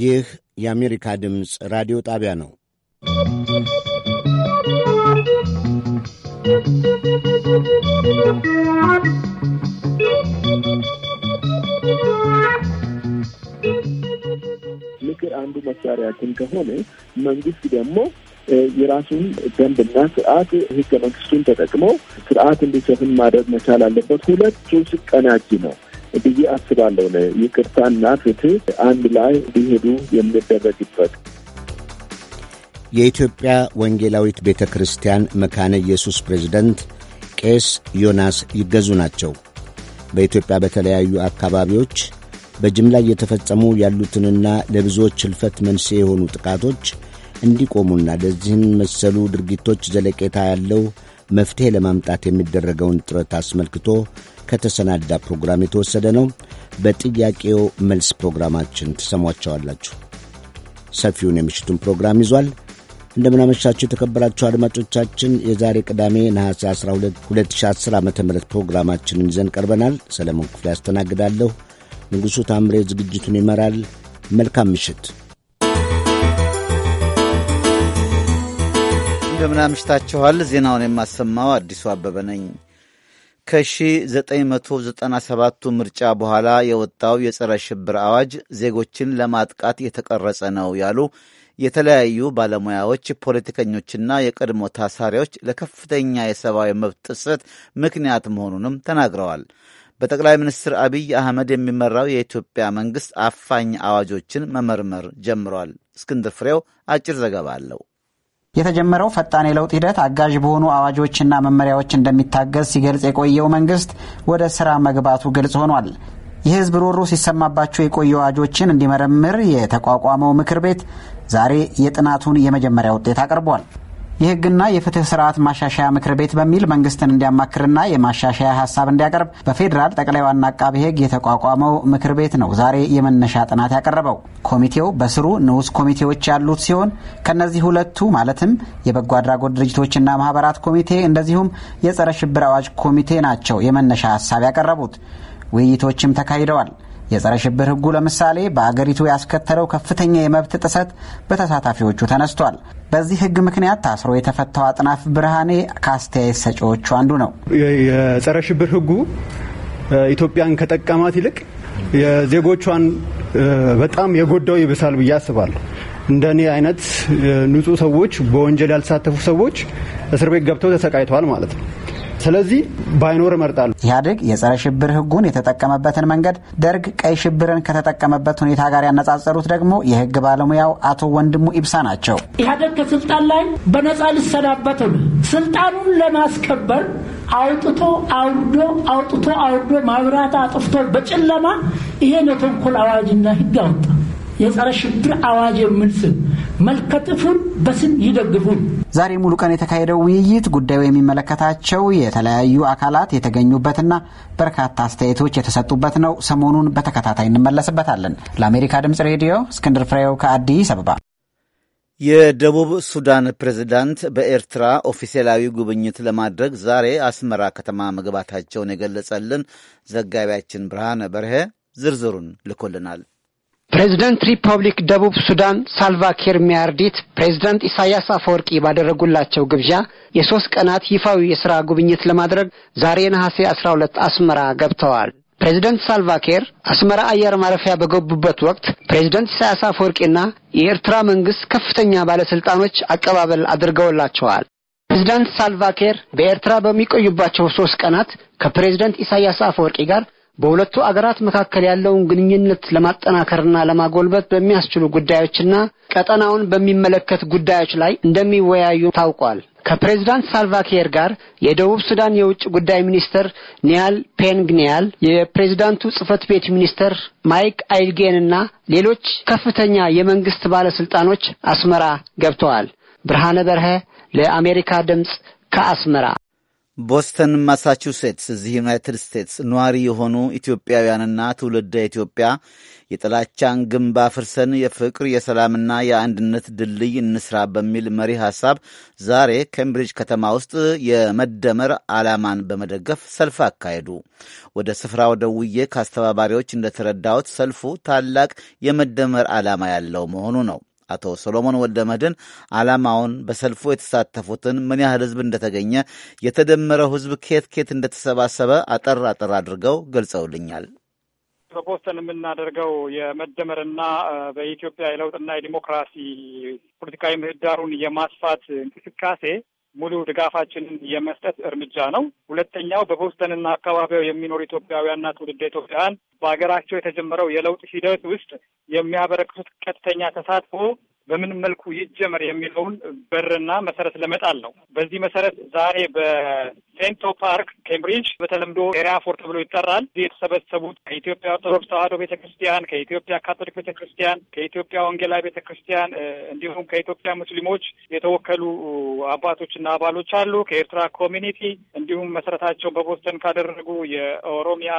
ይህ የአሜሪካ ድምፅ ራዲዮ ጣቢያ ነው። ምክር አንዱ መሳሪያችን ከሆነ መንግስት ደግሞ የራሱን ደንብና ስርዓት ህገ መንግስቱን ተጠቅመው ስርዓት እንዲሰፍን ማድረግ መቻል አለበት። ሁለቱ ስቀናጅ ነው ብዬ አስባለሁ። ይቅርታና ፍትህ አንድ ላይ ሊሄዱ የሚደረግበት የኢትዮጵያ ወንጌላዊት ቤተ ክርስቲያን መካነ ኢየሱስ ፕሬዝደንት ቄስ ዮናስ ይገዙ ናቸው። በኢትዮጵያ በተለያዩ አካባቢዎች በጅምላ እየተፈጸሙ ያሉትንና ለብዙዎች ሕልፈት መንስኤ የሆኑ ጥቃቶች እንዲቆሙና ለዚህን መሰሉ ድርጊቶች ዘለቄታ ያለው መፍትሔ ለማምጣት የሚደረገውን ጥረት አስመልክቶ ከተሰናዳ ፕሮግራም የተወሰደ ነው። በጥያቄው መልስ ፕሮግራማችን ትሰሟቸዋላችሁ። ሰፊውን የምሽቱን ፕሮግራም ይዟል። እንደምናመሻችሁ የተከበራችሁ አድማጮቻችን፣ የዛሬ ቅዳሜ ነሐሴ 12 2010 ዓ ም ፕሮግራማችንን ይዘን ቀርበናል። ሰለሞን ክፍሌ ያስተናግዳለሁ። ንጉሡ ታምሬ ዝግጅቱን ይመራል። መልካም ምሽት። እንደምናምሽታችኋል። ዜናውን የማሰማው አዲሱ አበበ ነኝ። ከ1997ቱ ምርጫ በኋላ የወጣው የጸረ ሽብር አዋጅ ዜጎችን ለማጥቃት የተቀረጸ ነው ያሉ የተለያዩ ባለሙያዎች፣ ፖለቲከኞችና የቀድሞ ታሳሪዎች ለከፍተኛ የሰብአዊ መብት ጥሰት ምክንያት መሆኑንም ተናግረዋል። በጠቅላይ ሚኒስትር አብይ አህመድ የሚመራው የኢትዮጵያ መንግሥት አፋኝ አዋጆችን መመርመር ጀምሯል። እስክንድር ፍሬው አጭር ዘገባ አለው። የተጀመረው ፈጣን የለውጥ ሂደት አጋዥ በሆኑ አዋጆችና መመሪያዎች እንደሚታገዝ ሲገልጽ የቆየው መንግስት ወደ ስራ መግባቱ ግልጽ ሆኗል። የህዝብ ሮሮ ሲሰማባቸው የቆዩ አዋጆችን እንዲመረምር የተቋቋመው ምክር ቤት ዛሬ የጥናቱን የመጀመሪያ ውጤት አቅርቧል። የህግና የፍትህ ስርዓት ማሻሻያ ምክር ቤት በሚል መንግስትን እንዲያማክርና የማሻሻያ ሀሳብ እንዲያቀርብ በፌዴራል ጠቅላይ ዋና አቃቢ ህግ የተቋቋመው ምክር ቤት ነው ዛሬ የመነሻ ጥናት ያቀረበው። ኮሚቴው በስሩ ንዑስ ኮሚቴዎች ያሉት ሲሆን ከእነዚህ ሁለቱ ማለትም የበጎ አድራጎት ድርጅቶችና ማህበራት ኮሚቴ እንደዚሁም የጸረ ሽብር አዋጅ ኮሚቴ ናቸው የመነሻ ሀሳብ ያቀረቡት። ውይይቶችም ተካሂደዋል። የጸረ ሽብር ህጉ ለምሳሌ በአገሪቱ ያስከተለው ከፍተኛ የመብት ጥሰት በተሳታፊዎቹ ተነስቷል። በዚህ ህግ ምክንያት ታስሮ የተፈታው አጥናፍ ብርሃኔ ከአስተያየት ሰጪዎቹ አንዱ ነው። የጸረ ሽብር ህጉ ኢትዮጵያን ከጠቀማት ይልቅ የዜጎቿን በጣም የጎዳው ይብሳል ብዬ አስባለሁ። እንደኔ አይነት ንጹህ ሰዎች፣ በወንጀል ያልተሳተፉ ሰዎች እስር ቤት ገብተው ተሰቃይተዋል ማለት ነው። ስለዚህ ባይኖር እመርጣለሁ። ኢህአዴግ የጸረ ሽብር ህጉን የተጠቀመበትን መንገድ ደርግ ቀይ ሽብርን ከተጠቀመበት ሁኔታ ጋር ያነጻጸሩት ደግሞ የህግ ባለሙያው አቶ ወንድሙ ኢብሳ ናቸው። ኢህአዴግ ከስልጣን ላይ በነጻ ልሰናበት ስልጣኑን ለማስከበር አውጥቶ አውርዶ አውጥቶ አውርዶ ማብራት አጥፍቶ በጨለማ ይሄን የተንኮል አዋጅና ህግ አወጣ። የጸረ ሽብር አዋጅ የሚል ስም መልከጥፉን በስም ይደግፉን። ዛሬ ሙሉ ቀን የተካሄደው ውይይት ጉዳዩ የሚመለከታቸው የተለያዩ አካላት የተገኙበትና በርካታ አስተያየቶች የተሰጡበት ነው። ሰሞኑን በተከታታይ እንመለስበታለን። ለአሜሪካ ድምጽ ሬዲዮ እስክንድር ፍሬው ከአዲስ አበባ። የደቡብ ሱዳን ፕሬዝዳንት በኤርትራ ኦፊሴላዊ ጉብኝት ለማድረግ ዛሬ አስመራ ከተማ መግባታቸውን የገለጸልን ዘጋቢያችን ብርሃነ በርሄ ዝርዝሩን ልኮልናል። ፕሬዝደንት ሪፐብሊክ ደቡብ ሱዳን ሳልቫኪር ሚያርዲት ፕሬዝደንት ኢሳያስ አፈወርቂ ባደረጉላቸው ግብዣ የሶስት ቀናት ይፋዊ የሥራ ጉብኝት ለማድረግ ዛሬ ነሐሴ 12 አስመራ ገብተዋል። ፕሬዚደንት ሳልቫኪር አስመራ አየር ማረፊያ በገቡበት ወቅት ፕሬዝደንት ኢሳያስ አፈወርቂና የኤርትራ መንግሥት ከፍተኛ ባለሥልጣኖች አቀባበል አድርገውላቸዋል። ፕሬዝዳንት ሳልቫኪር በኤርትራ በሚቆዩባቸው ሶስት ቀናት ከፕሬዝደንት ኢሳያስ አፈወርቂ ጋር በሁለቱ አገራት መካከል ያለውን ግንኙነት ለማጠናከርና ለማጎልበት በሚያስችሉ ጉዳዮችና ቀጠናውን በሚመለከት ጉዳዮች ላይ እንደሚወያዩ ታውቋል። ከፕሬዚዳንት ሳልቫኪር ጋር የደቡብ ሱዳን የውጭ ጉዳይ ሚኒስትር ኒያል ፔንግኒያል፣ የፕሬዚዳንቱ ጽህፈት ቤት ሚኒስትር ማይክ አይልጌንና ሌሎች ከፍተኛ የመንግስት ባለስልጣኖች አስመራ ገብተዋል። ብርሃነ በርሀ ለአሜሪካ ድምፅ ከአስመራ ቦስተን ማሳቹሴትስ፣ እዚህ ዩናይትድ ስቴትስ ነዋሪ የሆኑ ኢትዮጵያውያንና ትውልደ ኢትዮጵያ የጥላቻን ግንብ አፍርሰን የፍቅር የሰላምና የአንድነት ድልድይ እንስራ በሚል መሪ ሐሳብ ዛሬ ኬምብሪጅ ከተማ ውስጥ የመደመር ዓላማን በመደገፍ ሰልፍ አካሄዱ። ወደ ስፍራው ደውዬ ከአስተባባሪዎች እንደተረዳሁት ሰልፉ ታላቅ የመደመር ዓላማ ያለው መሆኑ ነው። አቶ ሰሎሞን ወልደ መድን ዓላማውን በሰልፉ የተሳተፉትን ምን ያህል ህዝብ እንደተገኘ፣ የተደመረው ህዝብ ኬት ኬት እንደተሰባሰበ አጠር አጠር አድርገው ገልጸውልኛል። በቦስተን የምናደርገው የመደመርና በኢትዮጵያ የለውጥና የዲሞክራሲ ፖለቲካዊ ምህዳሩን የማስፋት እንቅስቃሴ ሙሉ ድጋፋችንን የመስጠት እርምጃ ነው። ሁለተኛው በቦስተንና አካባቢው የሚኖሩ ኢትዮጵያውያንና ትውልደ ኢትዮጵያውያን በሀገራቸው የተጀመረው የለውጥ ሂደት ውስጥ የሚያበረክቱት ቀጥተኛ ተሳትፎ በምን መልኩ ይጀመር የሚለውን በርና መሰረት ለመጣል ነው። በዚህ መሰረት ዛሬ ሴንቶ ፓርክ ኬምብሪጅ በተለምዶ ኤሪያፎር ተብሎ ይጠራል። እዚህ የተሰበሰቡት ከኢትዮጵያ ኦርቶዶክስ ተዋሕዶ ቤተ ክርስቲያን፣ ከኢትዮጵያ ካቶሊክ ቤተ ክርስቲያን፣ ከኢትዮጵያ ወንጌላዊ ቤተ ክርስቲያን እንዲሁም ከኢትዮጵያ ሙስሊሞች የተወከሉ አባቶችና አባሎች አሉ። ከኤርትራ ኮሚኒቲ እንዲሁም መሰረታቸውን በቦስተን ካደረጉ የኦሮሚያ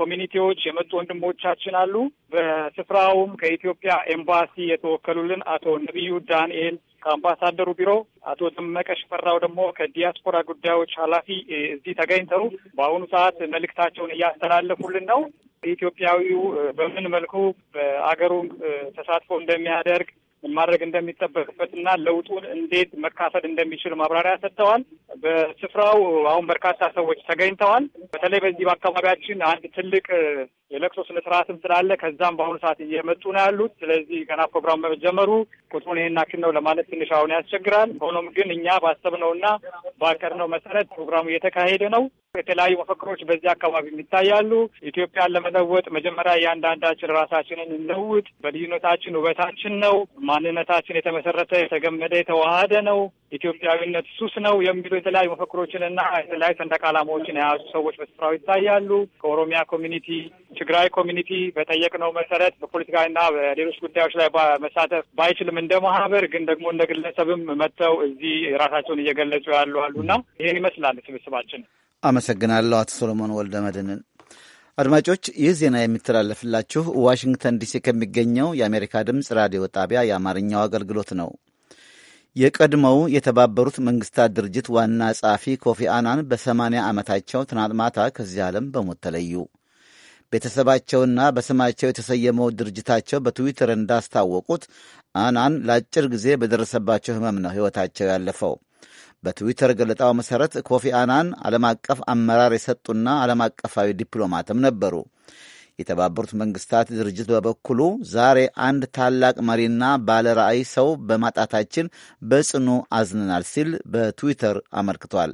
ኮሚኒቲዎች የመጡ ወንድሞቻችን አሉ። በስፍራውም ከኢትዮጵያ ኤምባሲ የተወከሉልን አቶ ነቢዩ ዳንኤል ከአምባሳደሩ ቢሮ አቶ ደመቀ ሽፈራው ደግሞ ከዲያስፖራ ጉዳዮች ኃላፊ እዚህ ተገኝተው በአሁኑ ሰዓት መልእክታቸውን እያስተላለፉልን ነው። ኢትዮጵያዊው በምን መልኩ በአገሩ ተሳትፎ እንደሚያደርግ ማድረግ እንደሚጠበቅበትና ለውጡን እንዴት መካፈል እንደሚችል ማብራሪያ ሰጥተዋል። በስፍራው አሁን በርካታ ሰዎች ተገኝተዋል። በተለይ በዚህ በአካባቢያችን አንድ ትልቅ የለቅሶ ስነስርዓትም ስላለ ከዛም በአሁኑ ሰዓት እየመጡ ነው ያሉት። ስለዚህ ገና ፕሮግራም በመጀመሩ ቁጥሩን ይሄን ያክል ነው ለማለት ትንሽ አሁን ያስቸግራል። ሆኖም ግን እኛ ባሰብነውና ባቀድነው መሰረት ፕሮግራሙ እየተካሄደ ነው። የተለያዩ መፈክሮች በዚህ አካባቢ ይታያሉ። ኢትዮጵያን ለመለወጥ መጀመሪያ እያንዳንዳችን ራሳችንን እንለውጥ። በልዩነታችን ውበታችን ነው። ማንነታችን የተመሰረተ የተገመደ የተዋሃደ ነው። ኢትዮጵያዊነት ሱስ ነው የሚሉ የተለያዩ መፈክሮችን እና የተለያዩ ሰንደቅ ዓላማዎችን የያዙ ሰዎች በስፍራው ይታያሉ። ከኦሮሚያ ኮሚኒቲ የትግራይ ኮሚኒቲ በጠየቅነው መሰረት በፖለቲካና በሌሎች ጉዳዮች ላይ መሳተፍ ባይችልም እንደ ማህበር ግን ደግሞ እንደ ግለሰብም መጥተው እዚህ ራሳቸውን እየገለጹ ያሉ አሉና ይህን ይመስላል ስብስባችን። አመሰግናለሁ አቶ ሶሎሞን ወልደ መድንን። አድማጮች ይህ ዜና የሚተላለፍላችሁ ዋሽንግተን ዲሲ ከሚገኘው የአሜሪካ ድምፅ ራዲዮ ጣቢያ የአማርኛው አገልግሎት ነው። የቀድሞው የተባበሩት መንግስታት ድርጅት ዋና ጸሐፊ ኮፊ አናን በሰማንያ ዓመታቸው ትናንት ማታ ከዚህ ዓለም በሞት ተለዩ። ቤተሰባቸውና በስማቸው የተሰየመው ድርጅታቸው በትዊተር እንዳስታወቁት አናን ለአጭር ጊዜ በደረሰባቸው ህመም ነው ሕይወታቸው ያለፈው። በትዊተር ገለጣው መሠረት ኮፊ አናን ዓለም አቀፍ አመራር የሰጡና ዓለም አቀፋዊ ዲፕሎማትም ነበሩ። የተባበሩት መንግስታት ድርጅት በበኩሉ ዛሬ አንድ ታላቅ መሪና ባለ ራዕይ ሰው በማጣታችን በጽኑ አዝነናል ሲል በትዊተር አመልክቷል።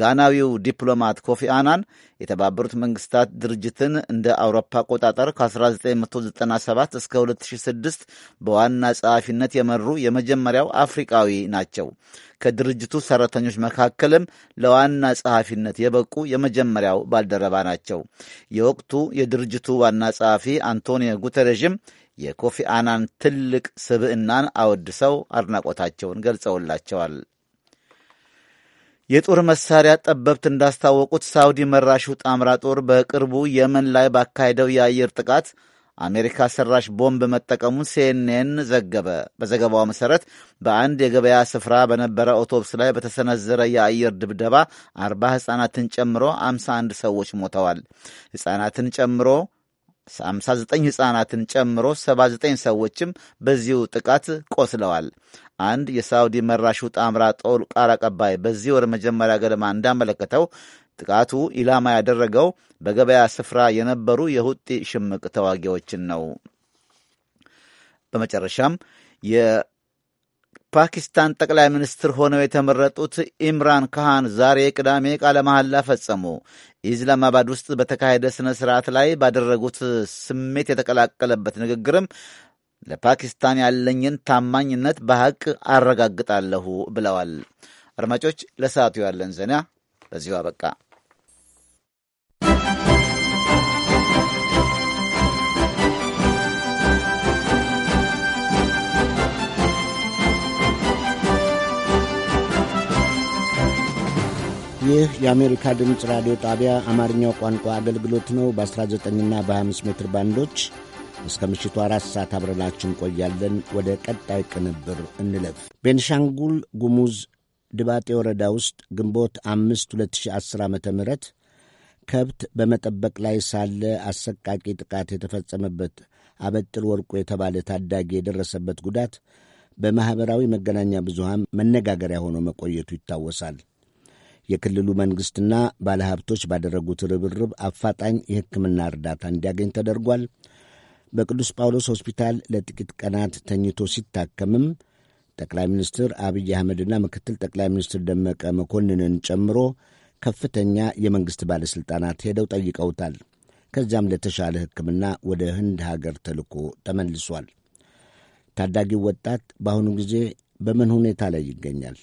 ጋናዊው ዲፕሎማት ኮፊ አናን የተባበሩት መንግስታት ድርጅትን እንደ አውሮፓ አቆጣጠር ከ1997 እስከ 2006 በዋና ጸሐፊነት የመሩ የመጀመሪያው አፍሪቃዊ ናቸው። ከድርጅቱ ሰራተኞች መካከልም ለዋና ጸሐፊነት የበቁ የመጀመሪያው ባልደረባ ናቸው። የወቅቱ የድርጅቱ ዋና ጸሐፊ አንቶኒዮ ጉተረዥም የኮፊ አናን ትልቅ ስብዕናን አወድሰው አድናቆታቸውን ገልጸውላቸዋል። የጦር መሳሪያ ጠበብት እንዳስታወቁት ሳውዲ መራሹ ጣምራ ጦር በቅርቡ የመን ላይ ባካሄደው የአየር ጥቃት አሜሪካ ሰራሽ ቦምብ መጠቀሙን ሲኤንኤን ዘገበ። በዘገባው መሠረት በአንድ የገበያ ስፍራ በነበረ አውቶቡስ ላይ በተሰነዘረ የአየር ድብደባ አርባ ሕፃናትን ጨምሮ አምሳ አንድ ሰዎች ሞተዋል። ሕፃናትን ጨምሮ 59 ሕፃናትን ጨምሮ 79 ሰዎችም በዚሁ ጥቃት ቆስለዋል። አንድ የሳውዲ መራሹ ጣምራ ጦር ቃል አቀባይ በዚህ ወር መጀመሪያ ገደማ እንዳመለከተው ጥቃቱ ኢላማ ያደረገው በገበያ ስፍራ የነበሩ የሁጢ ሽምቅ ተዋጊዎችን ነው። በመጨረሻም ፓኪስታን ጠቅላይ ሚኒስትር ሆነው የተመረጡት ኢምራን ካሃን ዛሬ ቅዳሜ ቃለ መሐላ ፈጸሙ። ኢስላማባድ ውስጥ በተካሄደ ሥነ ሥርዓት ላይ ባደረጉት ስሜት የተቀላቀለበት ንግግርም ለፓኪስታን ያለኝን ታማኝነት በሐቅ አረጋግጣለሁ ብለዋል። አድማጮች፣ ለሰዓቱ ያለን ዜና በዚሁ አበቃ። ይህ የአሜሪካ ድምፅ ራዲዮ ጣቢያ አማርኛው ቋንቋ አገልግሎት ነው። በ19ና በ25 ሜትር ባንዶች እስከ ምሽቱ አራት ሰዓት አብረናችሁ እንቆያለን። ወደ ቀጣይ ቅንብር እንለፍ። ቤንሻንጉል ጉሙዝ ድባጤ ወረዳ ውስጥ ግንቦት 5 2010 ዓ ም ከብት በመጠበቅ ላይ ሳለ አሰቃቂ ጥቃት የተፈጸመበት አበጥር ወርቁ የተባለ ታዳጊ የደረሰበት ጉዳት በማኅበራዊ መገናኛ ብዙሃን መነጋገሪያ ሆኖ መቆየቱ ይታወሳል። የክልሉ መንግሥትና ባለሀብቶች ባደረጉት ርብርብ አፋጣኝ የሕክምና እርዳታ እንዲያገኝ ተደርጓል። በቅዱስ ጳውሎስ ሆስፒታል ለጥቂት ቀናት ተኝቶ ሲታከምም ጠቅላይ ሚኒስትር አብይ አህመድና ምክትል ጠቅላይ ሚኒስትር ደመቀ መኮንንን ጨምሮ ከፍተኛ የመንግሥት ባለሥልጣናት ሄደው ጠይቀውታል። ከዚያም ለተሻለ ሕክምና ወደ ህንድ ሀገር ተልኮ ተመልሷል። ታዳጊው ወጣት በአሁኑ ጊዜ በምን ሁኔታ ላይ ይገኛል?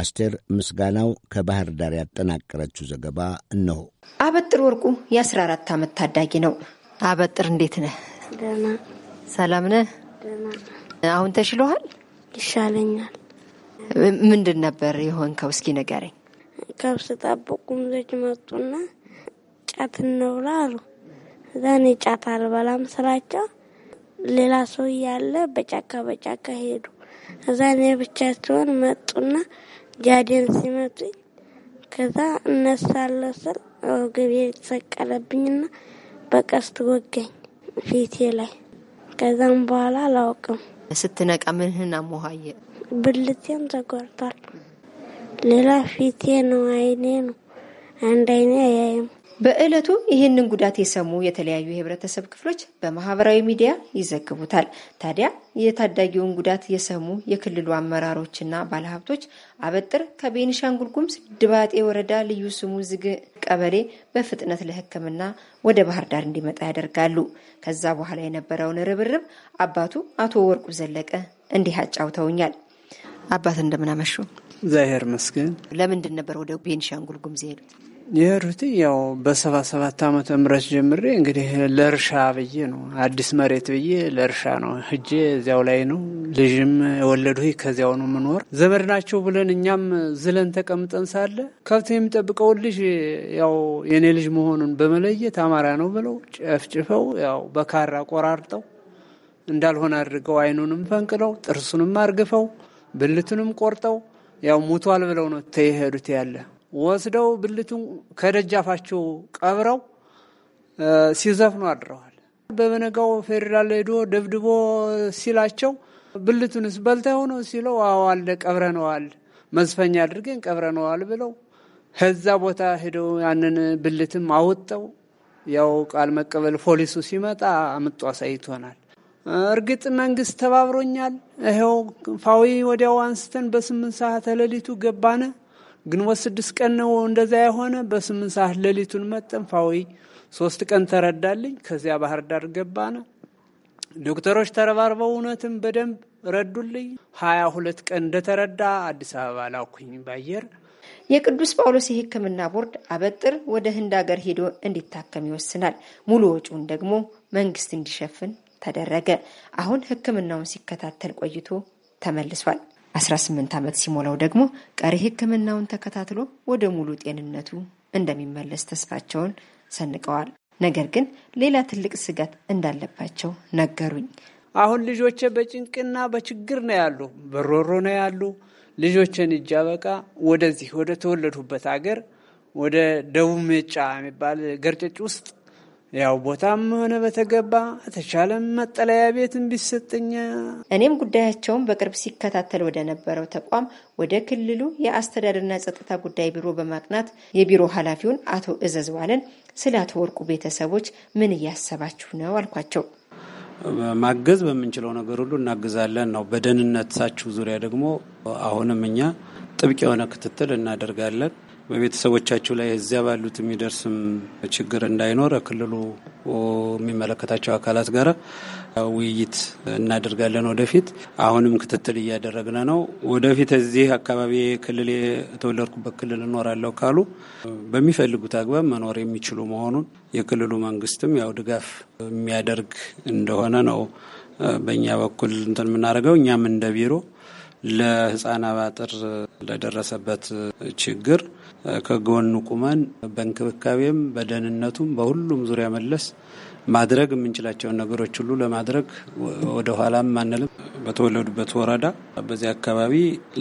አስቴር ምስጋናው ከባህር ዳር ያጠናቀረችው ዘገባ እነሆ። አበጥር ወርቁ የ14 ዓመት ታዳጊ ነው። አበጥር እንዴት ነህ? ደህና ሰላም ነህ? አሁን ተሽሎሃል? ይሻለኛል። ምንድን ነበር የሆንከው? እስኪ ንገረኝ። ከብስ ጠብቁ ጉሙዞች መጡና ጫት እንብላ አሉ። እዛ እኔ ጫት አልበላም ስላቸው ሌላ ሰው እያለ በጫካ በጫካ ሄዱ። እዛ እኔ ሲሆን መጡና ጃዴን ሲመቱኝ ከዛ እነሳለሁ ስል ወገቤ የተሰቀለብኝና በቀስት ወገኝ ፊቴ ላይ። ከዛም በኋላ አላውቅም። ስትነቃ ምንህን አሞሀየ? ብልቴም ተቆርጧል። ሌላ ፊቴ ነው አይኔ ነው አንድ አይኔ አያይም። በዕለቱ ይህንን ጉዳት የሰሙ የተለያዩ የህብረተሰብ ክፍሎች በማህበራዊ ሚዲያ ይዘግቡታል። ታዲያ የታዳጊውን ጉዳት የሰሙ የክልሉ አመራሮችና ባለሀብቶች አበጥር ከቤኒሻንጉል ጉሙዝ ድባጤ ወረዳ ልዩ ስሙ ዝግ ቀበሌ በፍጥነት ለሕክምና ወደ ባህር ዳር እንዲመጣ ያደርጋሉ። ከዛ በኋላ የነበረውን ርብርብ አባቱ አቶ ወርቁ ዘለቀ እንዲህ አጫውተውኛል። አባት እንደምናመሹ? እግዚአብሔር ይመስገን። ለምንድን ነበር ወደ ቤኒሻንጉል ጉሙዝ የሄዱት? የሄድኩት ያው በሰባ ሰባት ዓመተ ምህረት ጀምሬ እንግዲህ ለእርሻ ብዬ ነው አዲስ መሬት ብዬ ለእርሻ ነው ህጄ እዚያው ላይ ነው ልጅም የወለዱ ከዚያው ነው ምኖር ዘመድ ናቸው ብለን እኛም ዝለን ተቀምጠን ሳለ ከብት የሚጠብቀውን ልጅ ያው የእኔ ልጅ መሆኑን በመለየት አማራ ነው ብለው ጨፍጭፈው ያው በካራ ቆራርጠው እንዳልሆነ አድርገው አይኑንም ፈንቅለው ጥርሱንም አርግፈው ብልቱንም ቆርጠው ያው ሙቷል ብለው ነው ተሄዱት ያለ ወስደው ብልቱን ከደጃፋቸው ቀብረው ሲዘፍኑ አድረዋል። በበነጋው ፌዴራል ሄዶ ደብድቦ ሲላቸው ብልቱንስ በልተ ሆኖ ሲለው አዋለ ቀብረነዋል፣ መዝፈኛ አድርገን ቀብረነዋል ብለው ከዛ ቦታ ሄደው ያንን ብልትም አወጠው ያው ቃል መቀበል ፖሊሱ ሲመጣ አምጦ አሳይቶናል። እርግጥ መንግስት ተባብሮኛል። ይኸው ፋዊ ወዲያው አንስተን በስምንት ሰዓት ሌሊቱ ገባነ። ግንቦት ስድስት ቀን ነው እንደዛ የሆነ በስምንት ሰዓት ሌሊቱን መጠን ፋዊ ሶስት ቀን ተረዳልኝ። ከዚያ ባህር ዳር ገባነ። ዶክተሮች ተረባርበው እውነትም በደንብ ረዱልኝ። ሀያ ሁለት ቀን እንደተረዳ አዲስ አበባ ላኩኝ ባየር። የቅዱስ ጳውሎስ የሕክምና ቦርድ አበጥር ወደ ህንድ ሀገር ሄዶ እንዲታከም ይወስናል። ሙሉ ወጪውን ደግሞ መንግስት እንዲሸፍን ተደረገ። አሁን ሕክምናውን ሲከታተል ቆይቶ ተመልሷል። 18 ዓመት ሲሞላው ደግሞ ቀሪ ሕክምናውን ተከታትሎ ወደ ሙሉ ጤንነቱ እንደሚመለስ ተስፋቸውን ሰንቀዋል። ነገር ግን ሌላ ትልቅ ስጋት እንዳለባቸው ነገሩኝ። አሁን ልጆቼ በጭንቅና በችግር ነው ያሉ፣ በሮሮ ነው ያሉ። ልጆቼን እጃበቃ ወደዚህ ወደ ተወለዱበት አገር ወደ ደቡብ ሜጫ የሚባል ገርጨጭ ውስጥ ያው ቦታም ሆነ በተገባ ተቻለም መጠለያ ቤት ቢሰጠኛ እኔም ጉዳያቸውን በቅርብ ሲከታተል ወደ ነበረው ተቋም ወደ ክልሉ የአስተዳደርና ጸጥታ ጉዳይ ቢሮ በማቅናት የቢሮ ኃላፊውን አቶ ዋለን ስለ አቶ ወርቁ ቤተሰቦች ምን እያሰባችሁ ነው አልኳቸው። ማገዝ በምንችለው ነገር ሁሉ እናግዛለን ነው። በደህንነታችሁ ዙሪያ ደግሞ አሁንም እኛ ጥብቅ የሆነ ክትትል እናደርጋለን። በቤተሰቦቻቸው ላይ እዚያ ባሉት የሚደርስም ችግር እንዳይኖር ክልሉ የሚመለከታቸው አካላት ጋር ውይይት እናደርጋለን። ወደፊት አሁንም ክትትል እያደረግን ነው። ወደፊት እዚህ አካባቢ ክልል የተወለድኩበት ክልል እኖራለሁ ካሉ በሚፈልጉት አግባብ መኖር የሚችሉ መሆኑን የክልሉ መንግስትም ያው ድጋፍ የሚያደርግ እንደሆነ ነው በእኛ በኩል እንትን የምናደርገው እኛም እንደ ቢሮ ለህፃን አባጥር ለደረሰበት ችግር ከጎኑ ቁመን በእንክብካቤም በደህንነቱም በሁሉም ዙሪያ መለስ ማድረግ የምንችላቸውን ነገሮች ሁሉ ለማድረግ ወደኋላም አንልም። በተወለዱበት ወረዳ በዚህ አካባቢ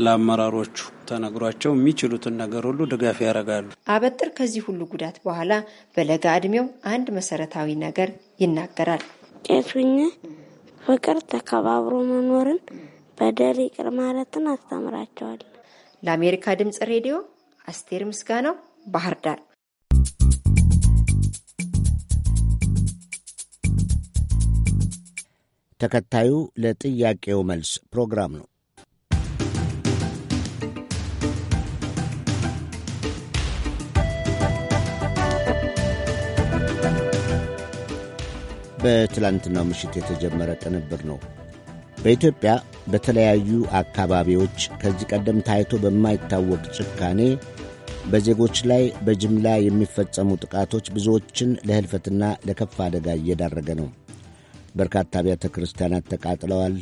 ለአመራሮቹ ተነግሯቸው የሚችሉትን ነገር ሁሉ ድጋፍ ያደርጋሉ። አበጥር ከዚህ ሁሉ ጉዳት በኋላ በለጋ እድሜው አንድ መሰረታዊ ነገር ይናገራል። ቄሱኝ ፍቅር፣ ተከባብሮ መኖርን፣ በደል ይቅር ማለትን አስተምራቸዋል። ለአሜሪካ ድምጽ ሬዲዮ አስቴር ምስጋናው ባህር ዳር። ተከታዩ ለጥያቄው መልስ ፕሮግራም ነው። በትላንትናው ምሽት የተጀመረ ቅንብር ነው። በኢትዮጵያ በተለያዩ አካባቢዎች ከዚህ ቀደም ታይቶ በማይታወቅ ጭካኔ በዜጎች ላይ በጅምላ የሚፈጸሙ ጥቃቶች ብዙዎችን ለህልፈትና ለከፍ አደጋ እየዳረገ ነው። በርካታ አብያተ ክርስቲያናት ተቃጥለዋል።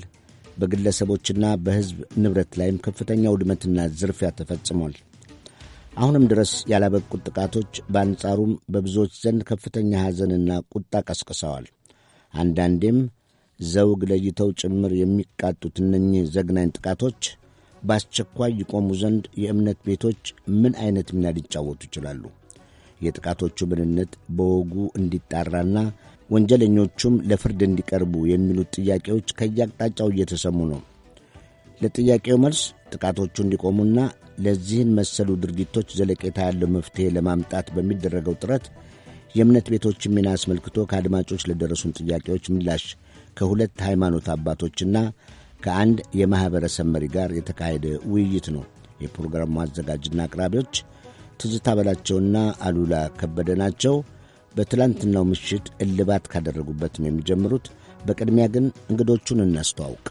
በግለሰቦችና በሕዝብ ንብረት ላይም ከፍተኛ ውድመትና ዝርፊያ ተፈጽሟል። አሁንም ድረስ ያላበቁት ጥቃቶች በአንጻሩም በብዙዎች ዘንድ ከፍተኛ ሐዘንና ቁጣ ቀስቅሰዋል። አንዳንዴም ዘውግ ለይተው ጭምር የሚቃጡት እነኚህ ዘግናኝ ጥቃቶች በአስቸኳይ ይቆሙ ዘንድ የእምነት ቤቶች ምን አይነት ሚና ሊጫወቱ ይችላሉ? የጥቃቶቹ ምንነት በወጉ እንዲጣራና ወንጀለኞቹም ለፍርድ እንዲቀርቡ የሚሉት ጥያቄዎች ከየአቅጣጫው እየተሰሙ ነው። ለጥያቄው መልስ ጥቃቶቹ እንዲቆሙና ለዚህን መሰሉ ድርጊቶች ዘለቄታ ያለው መፍትሔ ለማምጣት በሚደረገው ጥረት የእምነት ቤቶችን ሚና አስመልክቶ ከአድማጮች ለደረሱን ጥያቄዎች ምላሽ ከሁለት ሃይማኖት አባቶችና ከአንድ የማኅበረሰብ መሪ ጋር የተካሄደ ውይይት ነው። የፕሮግራሙ አዘጋጅና አቅራቢዎች ትዝታ በላቸውና አሉላ ከበደ ናቸው። በትላንትናው ምሽት እልባት ካደረጉበት ነው የሚጀምሩት። በቅድሚያ ግን እንግዶቹን እናስተዋውቅ።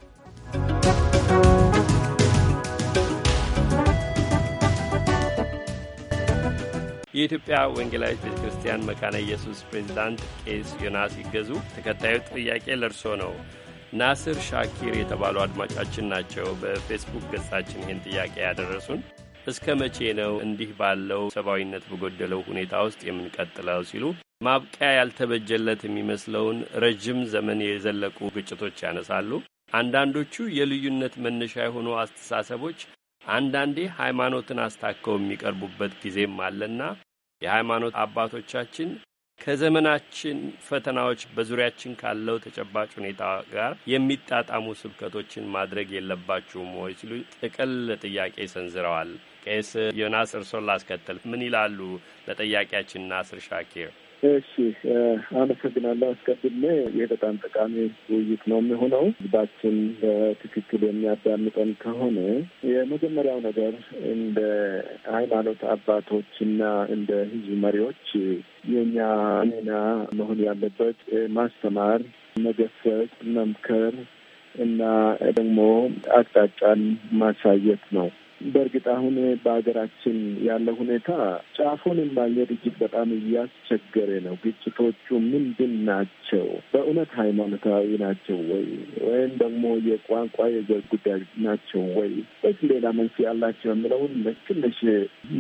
የኢትዮጵያ ወንጌላዊት ቤተ ክርስቲያን መካነ ኢየሱስ ፕሬዚዳንት ቄስ ዮናስ ይገዙ፣ ተከታዩ ጥያቄ ለእርሶ ነው። ናስር ሻኪር የተባሉ አድማጫችን ናቸው። በፌስቡክ ገጻችን ይህን ጥያቄ ያደረሱን እስከ መቼ ነው እንዲህ ባለው ሰብአዊነት በጎደለው ሁኔታ ውስጥ የምንቀጥለው ሲሉ ማብቂያ ያልተበጀለት የሚመስለውን ረዥም ዘመን የዘለቁ ግጭቶች ያነሳሉ። አንዳንዶቹ የልዩነት መነሻ የሆኑ አስተሳሰቦች አንዳንዴ ሃይማኖትን አስታከው የሚቀርቡበት ጊዜም አለና የሃይማኖት አባቶቻችን ከዘመናችን ፈተናዎች በዙሪያችን ካለው ተጨባጭ ሁኔታ ጋር የሚጣጣሙ ስብከቶችን ማድረግ የለባችሁም ወይ ሲሉ ጥቅል ጥያቄ ሰንዝረዋል። ቄስ ዮናስ እርሶን ላስከተል ምን ይላሉ ለጠያቂያችን ናስር ሻኪር? እሺ አመሰግናለሁ። አስቀድሜ ይህ በጣም ጠቃሚ ውይይት ነው የሚሆነው። ህዝባችን በትክክል የሚያዳምጠን ከሆነ የመጀመሪያው ነገር እንደ ሃይማኖት አባቶች እና እንደ ህዝብ መሪዎች የእኛ ሚና መሆን ያለበት ማስተማር፣ መገሰጽ፣ መምከር እና ደግሞ አቅጣጫን ማሳየት ነው። በእርግጥ አሁን በሀገራችን ያለ ሁኔታ ጫፉን ማግኘት እጅግ በጣም እያስቸገረ ነው። ግጭቶቹ ምንድን ናቸው? በእውነት ሃይማኖታዊ ናቸው ወይ ወይም ደግሞ የቋንቋ የዘር ጉዳይ ናቸው ወይ ወይስ ሌላ መንስኤ ያላቸው የምለውን ትንሽ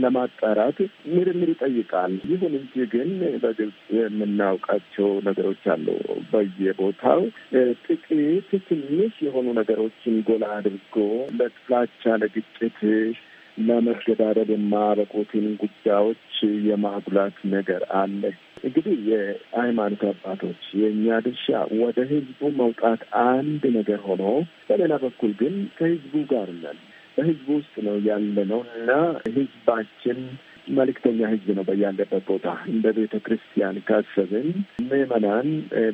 ለማጣራት ምርምር ይጠይቃል። ይሁን እንጂ ግን በግልጽ የምናውቃቸው ነገሮች አሉ። በየቦታው ጥቂት ትንሽ የሆኑ ነገሮችን ጎላ አድርጎ ለጥላቻ ለግጭት ለመገዳደል የማያበቁትን ጉዳዮች የማጉላት ነገር አለ። እንግዲህ የሃይማኖት አባቶች የእኛ ድርሻ ወደ ህዝቡ መውጣት አንድ ነገር ሆኖ፣ በሌላ በኩል ግን ከህዝቡ ጋር ነን። በህዝቡ ውስጥ ነው ያለ ነው እና ህዝባችን መልእክተኛ ህዝብ ነው። በያለበት ቦታ እንደ ቤተ ክርስቲያን ካሰብን ምዕመናን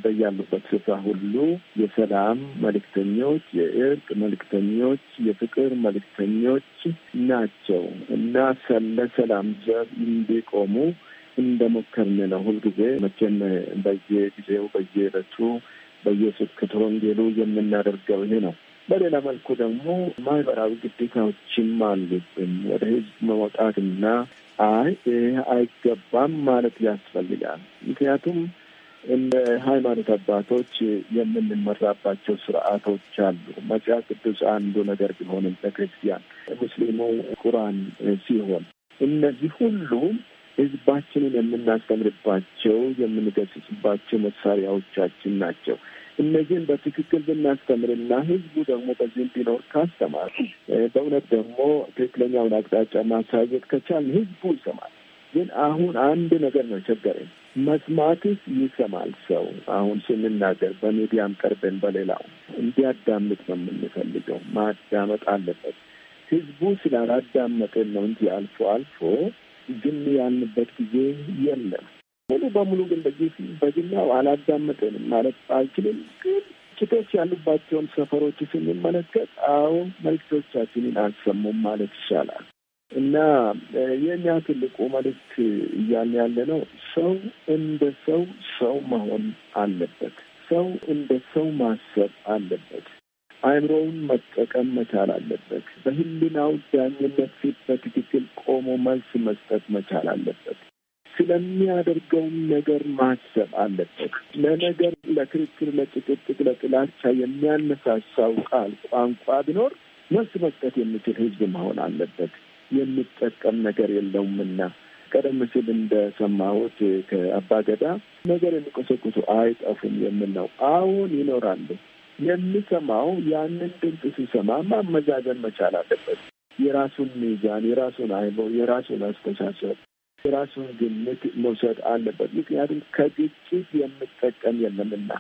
በያሉበት ስፍራ ሁሉ የሰላም መልእክተኞች፣ የእርቅ መልእክተኞች፣ የፍቅር መልእክተኞች ናቸው እና ለሰላም ዘብ እንዲቆሙ እንደሞከርን ነው። ሁልጊዜ መቼም በየጊዜው በየዕለቱ በየስብከተ ወንጌሉ የምናደርገው ይሄ ነው። በሌላ መልኩ ደግሞ ማህበራዊ ግዴታዎችም አሉብን። ወደ ህዝብ መውጣትና አይ ይህ አይገባም ማለት ያስፈልጋል። ምክንያቱም እንደ ሃይማኖት አባቶች የምንመራባቸው ስርዓቶች አሉ። መጽሐፍ ቅዱስ አንዱ ነገር ቢሆን ለክርስቲያን ሙስሊሙ ቁርአን ሲሆን እነዚህ ሁሉ ህዝባችንን የምናስተምርባቸው የምንገስጽባቸው መሳሪያዎቻችን ናቸው። እነዚህን በትክክል ብናስተምርና ህዝቡ ደግሞ በዚህም ቢኖር ካስተማር በእውነት ደግሞ ትክክለኛውን አቅጣጫ ማሳየት ከቻል ህዝቡ ይሰማል። ግን አሁን አንድ ነገር ነው ቸገረኝ። መስማትስ ይሰማል ሰው አሁን ስንናገር በሚዲያም ቀርበን በሌላው እንዲያዳምጥ ነው የምንፈልገው። ማዳመጥ አለበት። ህዝቡ ስላላዳመጠን ነው እንጂ አልፎ አልፎ ዝም ያልንበት ጊዜ የለም። ሙሉ በሙሉ ግን በጊዜ በግናው አላዳመጠንም ማለት አልችልም። ግን ችቶች ያሉባቸውን ሰፈሮች ስንመለከት አዎ መልክቶቻችንን አልሰሙም ማለት ይሻላል። እና የእኛ ትልቁ መልእክት እያለ ያለ ነው። ሰው እንደ ሰው ሰው መሆን አለበት። ሰው እንደ ሰው ማሰብ አለበት። አእምሮውን መጠቀም መቻል አለበት። በሕሊናው ዳኝነት ፊት በትክክል ቆሞ መልስ መስጠት መቻል አለበት። ስለሚያደርገውን ነገር ማሰብ አለበት። ለነገር፣ ለክርክር፣ ለጭቅጭቅ፣ ለጥላቻ የሚያነሳሳው ቃል ቋንቋ ቢኖር መልስ መስጠት የሚችል ህዝብ መሆን አለበት። የሚጠቀም ነገር የለውምና ቀደም ሲል እንደሰማሁት ከአባገዳ ነገር የሚቆሰቁሱ አይጠፉም የሚል ነው። አሁን ይኖራሉ። የሚሰማው ያንን ድምፅ ሲሰማ ማመዛዘን መቻል አለበት። የራሱን ሚዛን፣ የራሱን አይቦ፣ የራሱን አስተሳሰብ የራሱን ግምት መውሰድ አለበት። ምክንያቱም ከግጭት የምጠቀም የለምና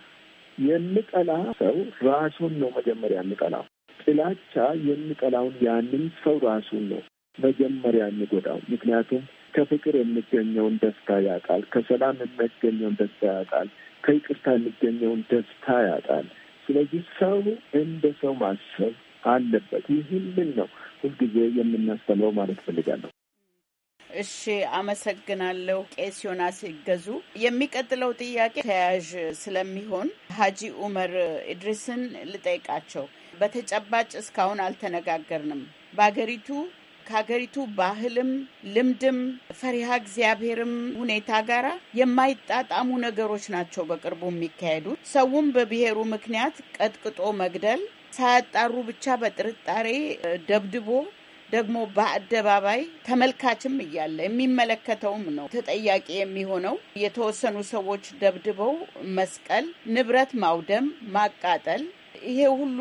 የሚጠላ ሰው ራሱን ነው መጀመሪያ የምጠላው ጥላቻ የምጠላውን ያንን ሰው ራሱን ነው መጀመሪያ የሚጎዳው። ምክንያቱም ከፍቅር የሚገኘውን ደስታ ያጣል፣ ከሰላም የሚገኘውን ደስታ ያጣል፣ ከይቅርታ የሚገኘውን ደስታ ያጣል። ስለዚህ ሰው እንደ ሰው ማሰብ አለበት። ይህንን ነው ሁልጊዜ የምናስተምረው ማለት ፈልጋለሁ። እሺ፣ አመሰግናለሁ ቄስ ዮናስ ይገዙ። የሚቀጥለው ጥያቄ ተያያዥ ስለሚሆን ሀጂ ኡመር ኢድሪስን ልጠይቃቸው። በተጨባጭ እስካሁን አልተነጋገርንም። በሀገሪቱ ከሀገሪቱ ባህልም ልምድም ፈሪሃ እግዚአብሔርም ሁኔታ ጋር የማይጣጣሙ ነገሮች ናቸው በቅርቡ የሚካሄዱት። ሰውም በብሔሩ ምክንያት ቀጥቅጦ መግደል፣ ሳያጣሩ ብቻ በጥርጣሬ ደብድቦ ደግሞ በአደባባይ ተመልካችም እያለ የሚመለከተውም ነው ተጠያቂ የሚሆነው። የተወሰኑ ሰዎች ደብድበው መስቀል፣ ንብረት ማውደም፣ ማቃጠል ይሄ ሁሉ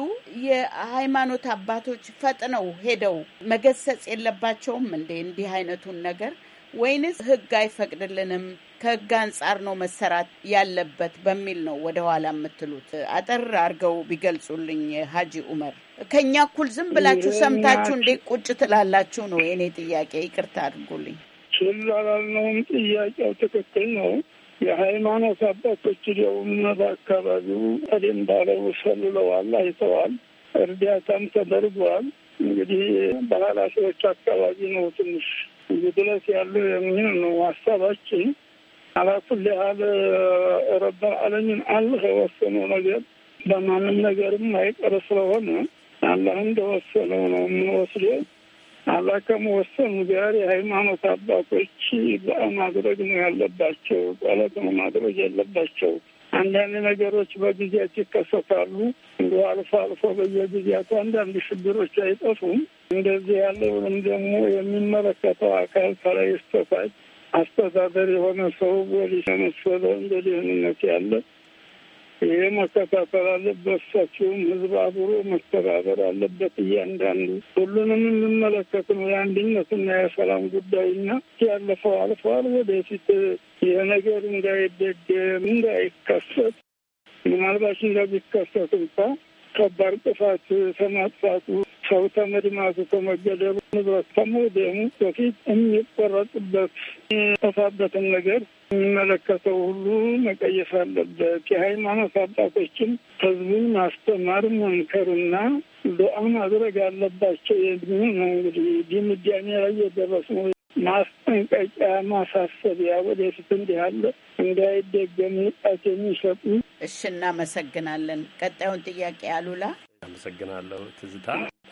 የሃይማኖት አባቶች ፈጥነው ሄደው መገሰጽ የለባቸውም እንዴ? እንዲህ አይነቱን ነገር ወይንስ ህግ አይፈቅድልንም ከህግ አንጻር ነው መሰራት ያለበት በሚል ነው ወደኋላ የምትሉት? አጠር አድርገው ቢገልጹልኝ ሀጂ ኡመር። ከእኛ እኩል ዝም ብላችሁ ሰምታችሁ እንዴት ቁጭ ትላላችሁ ነው የእኔ ጥያቄ። ይቅርታ አድርጉልኝ። ችላ ጥያቄው ትክክል ነው። የሃይማኖት አባቶች ደውም በአካባቢው ቀደም ባለው ሰልለዋል፣ አይተዋል፣ እርዳታም ተደርጓል። እንግዲህ በኃላፊዎች አካባቢ ነው ትንሽ ድረስ ያለ የምን ነው ሀሳባችን። አላኩል ያህል ረበል ዓለሚን አላህ የወሰነው ነገር በማንም ነገርም አይቀር ስለሆነ አላህ እንደወሰነው ነው የምንወስደው። አላህ ከመወሰኑ ጋር የሃይማኖት አባቶች ማድረግ ነው ያለባቸው፣ ጸሎት ነው ማድረግ ያለባቸው። አንዳንድ ነገሮች በጊዜያት ይከሰታሉ። እንደ አልፎ አልፎ በየጊዜያቱ አንዳንድ ሽብሮች አይጠፉም። እንደዚህ ያለውንም ደግሞ የሚመለከተው አካል ከላይ እስከታች አስተዳደር የሆነ ሰው ወዲህ መሰለ እንደ ደህንነት ያለ ይህ መከታተል አለበት። ሰፊውም ህዝብ አብሮ መተባበር አለበት። እያንዳንዱ ሁሉንም የምመለከት ነው። የአንድነትና የሰላም ጉዳይና ያለፈው አልፏል። ወደፊት ይህ ነገር እንዳይደገም እንዳይከሰት፣ ምናልባት እንደሚከሰት እንኳ ከባድ ጥፋት ተማጥፋቱ፣ ሰው ተመድማቱ፣ ከመገደሉ ንብረት ተመውደሙ በፊት የሚቆረጥበት ጠፋበትን ነገር የሚመለከተው ሁሉ መቀየስ አለበት። የሃይማኖት አባቶችን ህዝቡን ማስተማር መንከርና ዱዓ ማድረግ አለባቸው የሚል ነው። እንግዲህ ድምዳሜ ላይ የደረሱ ነው። ማስጠንቀቂያ፣ ማሳሰቢያ ወደፊት እንዲህ አለ እንዳይደገም ጣት የሚሰጡ እሽ፣ እናመሰግናለን። ቀጣዩን ጥያቄ አሉላ አመሰግናለሁ ትዝታ።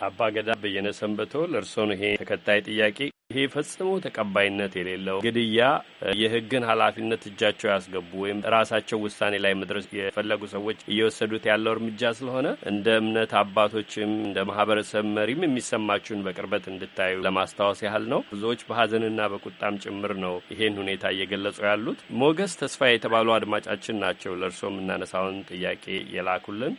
አባ ገዳ በየነ ሰንበቶ ለእርሶ ነው ይሄ ተከታይ ጥያቄ። ይሄ ፈጽሞ ተቀባይነት የሌለው ግድያ የህግን ኃላፊነት እጃቸው ያስገቡ ወይም ራሳቸው ውሳኔ ላይ መድረስ የፈለጉ ሰዎች እየወሰዱት ያለው እርምጃ ስለሆነ እንደ እምነት አባቶችም እንደ ማህበረሰብ መሪም የሚሰማችሁን በቅርበት እንድታዩ ለማስታወስ ያህል ነው። ብዙዎች በሀዘንና በቁጣም ጭምር ነው ይሄን ሁኔታ እየገለጹ ያሉት። ሞገስ ተስፋ የተባሉ አድማጫችን ናቸው ለእርሶ የምናነሳውን ጥያቄ የላኩልን።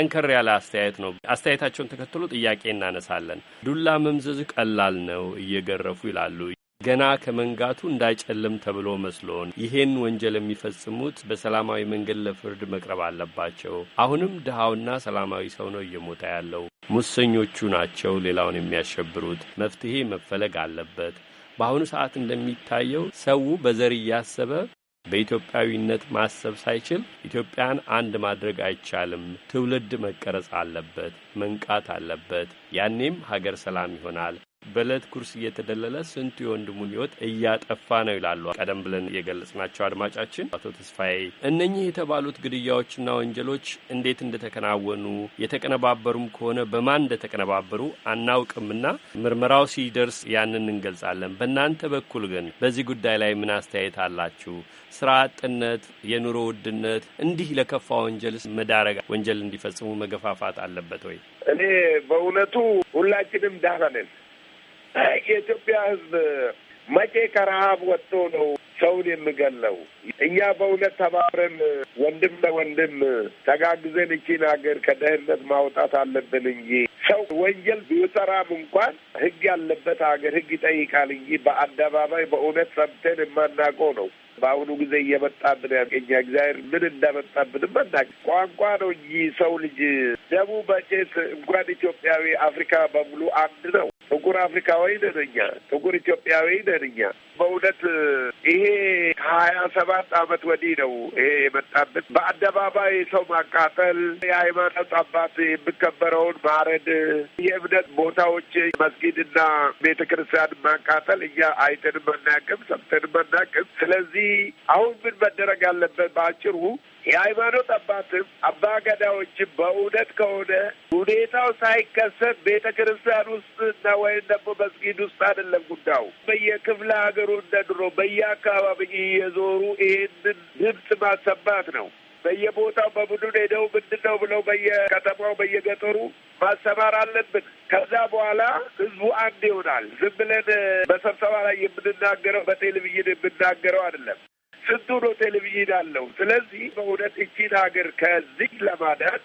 ጠንከር ያለ አስተያየት ነው። አስተያየታቸውን ተከትሎ ጥያቄ እናነሳለን። ዱላ መምዘዝ ቀላል ነው እየገረፉ ይላሉ። ገና ከመንጋቱ እንዳይጨልም ተብሎ መስሎን ይሄን ወንጀል የሚፈጽሙት በሰላማዊ መንገድ ለፍርድ መቅረብ አለባቸው። አሁንም ድሃውና ሰላማዊ ሰው ነው እየሞተ ያለው። ሙሰኞቹ ናቸው ሌላውን የሚያሸብሩት። መፍትሄ መፈለግ አለበት። በአሁኑ ሰዓት እንደሚታየው ሰው በዘር እያሰበ በኢትዮጵያዊነት ማሰብ ሳይችል ኢትዮጵያን አንድ ማድረግ አይቻልም። ትውልድ መቀረጽ አለበት፣ መንቃት አለበት። ያኔም ሀገር ሰላም ይሆናል፣ በእለት ኩርስ እየተደለለ ስንቱ የወንድሙን ህይወት እያጠፋ ነው ይላሉ ቀደም ብለን የገለጽናቸው አድማጫችን አቶ ተስፋዬ። እነኚህ የተባሉት ግድያዎችና ወንጀሎች እንዴት እንደተከናወኑ የተቀነባበሩም ከሆነ በማን እንደተቀነባበሩ አናውቅምና ምርመራው ሲደርስ ያንን እንገልጻለን። በእናንተ በኩል ግን በዚህ ጉዳይ ላይ ምን አስተያየት አላችሁ? ስራ አጥነት፣ የኑሮ ውድነት እንዲህ ለከፋ ወንጀል መዳረግ ወንጀል እንዲፈጽሙ መገፋፋት አለበት ወይ? እኔ በእውነቱ ሁላችንም ደህና ነን የኢትዮጵያ ሕዝብ መቼ ከረሃብ ወጥቶ ነው ሰውን የምገለው? እኛ በእውነት ተባብረን ወንድም ለወንድም ተጋግዘን እቺን ሀገር ከድህነት ማውጣት አለብን እንጂ ሰው ወንጀል ቢሰራም እንኳን ህግ ያለበት ሀገር ህግ ይጠይቃል እንጂ በአደባባይ በእውነት ሰምተን የማናውቀው ነው በአሁኑ ጊዜ እየመጣብን ያገኛ እግዚአብሔር ምን እንደመጣብን መና ቋንቋ ነው እንጂ ሰው ልጅ ደቡብ መቼስ እንኳን ኢትዮጵያዊ አፍሪካ በሙሉ አንድ ነው። ጥቁር አፍሪካዊ ነን ጥቁር ኢትዮጵያዊ ነን በእውነት ይሄ ከሀያ ሰባት አመት ወዲህ ነው ይሄ የመጣብን። በአደባባይ ሰው ማቃጠል፣ የሃይማኖት አባት የሚከበረውን ማረድ፣ የእምነት ቦታዎች መስጊድና ቤተ ክርስቲያን ማቃጠል እኛ አይተንም አናውቅም፣ ሰምተንም አናውቅም። ስለዚህ አሁን ምን መደረግ አለበት በአጭሩ የሃይማኖት አባትም አባ ገዳዎችም በእውነት ከሆነ ሁኔታው ሳይከሰት ቤተ ክርስቲያን እና ወይም ደግሞ መስጊድ ውስጥ አይደለም ጉዳዩ። በየክፍለ ሀገሩ እንደ ድሮ በየአካባቢ እየዞሩ ይሄንን ድምፅ ማሰማት ነው። በየቦታው በቡድን ሄደው ምንድን ነው ብለው በየከተማው በየገጠሩ ማሰማር አለብን። ከዛ በኋላ ህዝቡ አንድ ይሆናል። ዝም ብለን በስብሰባ ላይ የምንናገረው በቴሌቪዥን የምናገረው አይደለም። ስንቱን ሆቴል አለው። ስለዚህ በእውነት እቺን ሀገር ከዚህ ለማዳት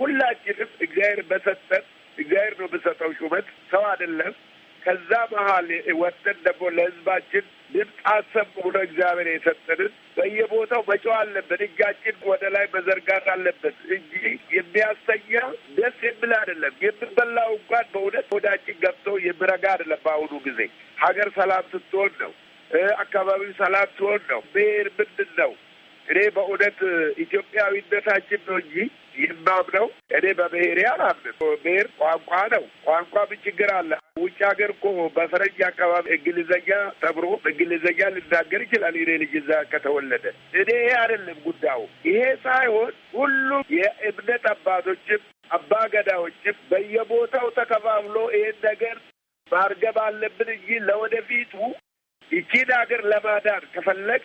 ሁላችንም እግዚአብሔር በሰጠን እግዚአብሔር ነው በሰጠው ሹመት ሰው አይደለም። ከዛ መሀል ወስደን ደግሞ ለህዝባችን ድምፅ አሰሙ ብሎ እግዚአብሔር የሰጠንን በየቦታው መጫው አለብን። እጃችን ወደ ላይ መዘርጋት አለበት እንጂ የሚያሰኛ ደስ የሚል አይደለም። የምንበላው እንኳን በእውነት ወዳችን ገብቶ የምረጋ አይደለም። በአሁኑ ጊዜ ሀገር ሰላም ስትሆን ነው አካባቢው ሰላም ሲሆን ነው። ብሔር ምንድን ነው? እኔ በእውነት ኢትዮጵያዊነታችን ነው እንጂ የማምነው እኔ በብሔሬ አላምንም። ብሔር ቋንቋ ነው። ቋንቋ ምን ችግር አለ? ውጭ ሀገር እኮ በፈረንጅ አካባቢ እንግሊዘኛ ተምሮ እንግሊዘኛ ልናገር ይችላል። እኔ ልጅ እዛ ከተወለደ እኔ ይሄ አይደለም ጉዳዩ። ይሄ ሳይሆን ሁሉም የእምነት አባቶችም አባ ገዳዎችም በየቦታው ተከፋፍሎ ይሄን ነገር ማርገብ አለብን እንጂ ለወደፊቱ ይቺን ሀገር ለማዳን ከፈለግ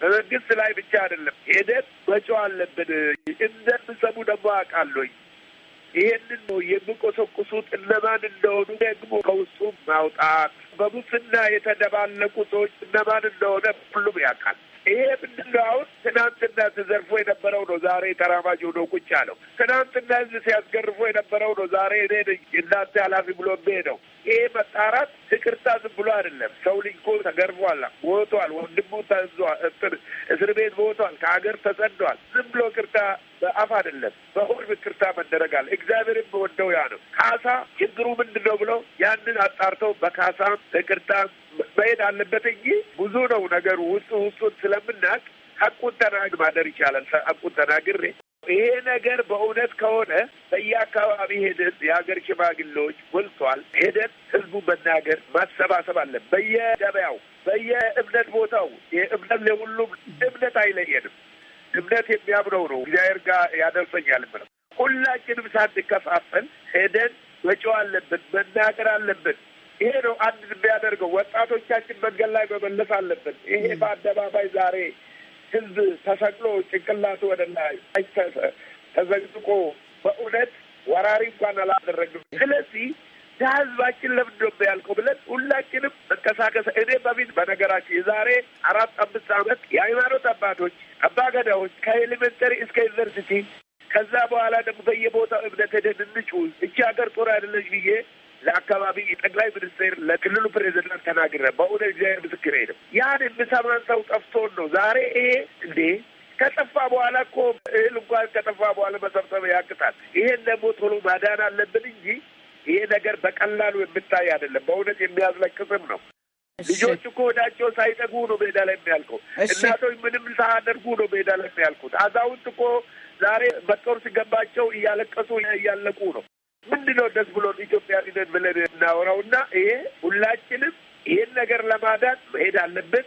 በመንግስት ላይ ብቻ አይደለም ሄደን መጮህ አለብን። እንደምሰሙ ደግሞ አውቃለሁኝ። ይሄንን ነው የሚቆሰቁሱት እነማን እንደሆኑ ደግሞ ከውስጡ ማውጣት፣ በሙስና የተደባለቁ ሰዎች እነማን እንደሆነ ሁሉም ያውቃል። ይሄ ምንድን ነው? አሁን ትናንትና ተዘርፎ የነበረው ነው ዛሬ ተራማጅ ሆኖ ቁጭ ያለው። ትናንትና ሕዝብ ሲያስገርፎ የነበረው ነው ዛሬ እኔ ነኝ እናንተ ኃላፊ ብሎ ቤ ነው። ይሄ መጣራት ይቅርታ ዝም ብሎ አይደለም። ሰው ልጅ እኮ ተገርፏል፣ ሞቷል፣ ወንድሙ ተዟል፣ እስር ቤት ሞቷል፣ ከሀገር ተሰዷል። ዝም ብሎ ይቅርታ በአፍ አይደለም በሆድ ይቅርታ መደረግ አለ። እግዚአብሔርም ወደው ያ ነው ካሳ ችግሩ ምንድን ነው ብለው ያንን አጣርተው በካሳም በይቅርታም መሄድ አለበት እንጂ ብዙ ነው ነገሩ። ውስጡ ውስጡን ስለምናቅ ሀቁን ተናግ ማደር ይቻላል። ሀቁን ተናግሬ ይሄ ነገር በእውነት ከሆነ በየአካባቢ ሄደን የሀገር ሽማግሌዎች ጎልቷል ሄደን ህዝቡ መናገር ማሰባሰብ አለን። በየገበያው በየእምነት ቦታው የእምነት ለሁሉም እምነት አይለየንም። እምነት የሚያምነው ነው እግዚአብሔር ጋር ያደርሰኛል ምነው ሁላችንም ሳንከፋፈል ሄደን መጮህ አለብን፣ መናገር አለብን። ይሄ ነው አንድ የሚያደርገው። ወጣቶቻችን መንገድ ላይ መመለስ አለብን። ይሄ በአደባባይ ዛሬ ህዝብ ተሰቅሎ ጭንቅላቱ ወደ ላይ ተዘግዝቆ በእውነት ወራሪ እንኳን አላደረግም። ስለዚህ ህዝባችን ለምንድን ነው ያልከው ብለን ሁላችንም መንቀሳቀስ እኔ በፊት በነገራችን የዛሬ አራት አምስት ዓመት የሃይማኖት አባቶች አባገዳዎች ከኤሌመንተሪ እስከ ዩኒቨርሲቲ ከዛ በኋላ ደግሞ በየቦታው እምነት ሄደን እንጩ እቺ ሀገር ጦር አይደለች ብዬ ለአካባቢ ጠቅላይ ሚኒስትር ለክልሉ ፕሬዚዳንት ተናግረ በእውነ እግዚአብሔር ምስክር ሄደ። ያን የምሰማን ሰው ጠፍቶን ነው ዛሬ ይሄ እንዴ ከጠፋ በኋላ እኮ እህል እንኳን ከጠፋ በኋላ መሰብሰብ ያቅታል። ይሄን ደግሞ ቶሎ ማዳን አለብን እንጂ ይሄ ነገር በቀላሉ የምታይ አይደለም። በእውነት የሚያስለቅስም ነው። ልጆች እኮ ወዳቸው ሳይጠጉ ነው ሜዳ ላይ የሚያልቀው። እናቶች ምንም ሳያደርጉ ነው ሜዳ ላይ የሚያልቁት። አዛውንት እኮ ዛሬ በጦር ሲገባቸው እያለቀሱ እያለቁ ነው። ምንድነው ደስ ብሎ ኢትዮጵያ ነን ብለን እናወራው እና ይሄ ሁላችንም ይህን ነገር ለማዳን መሄድ አለብን።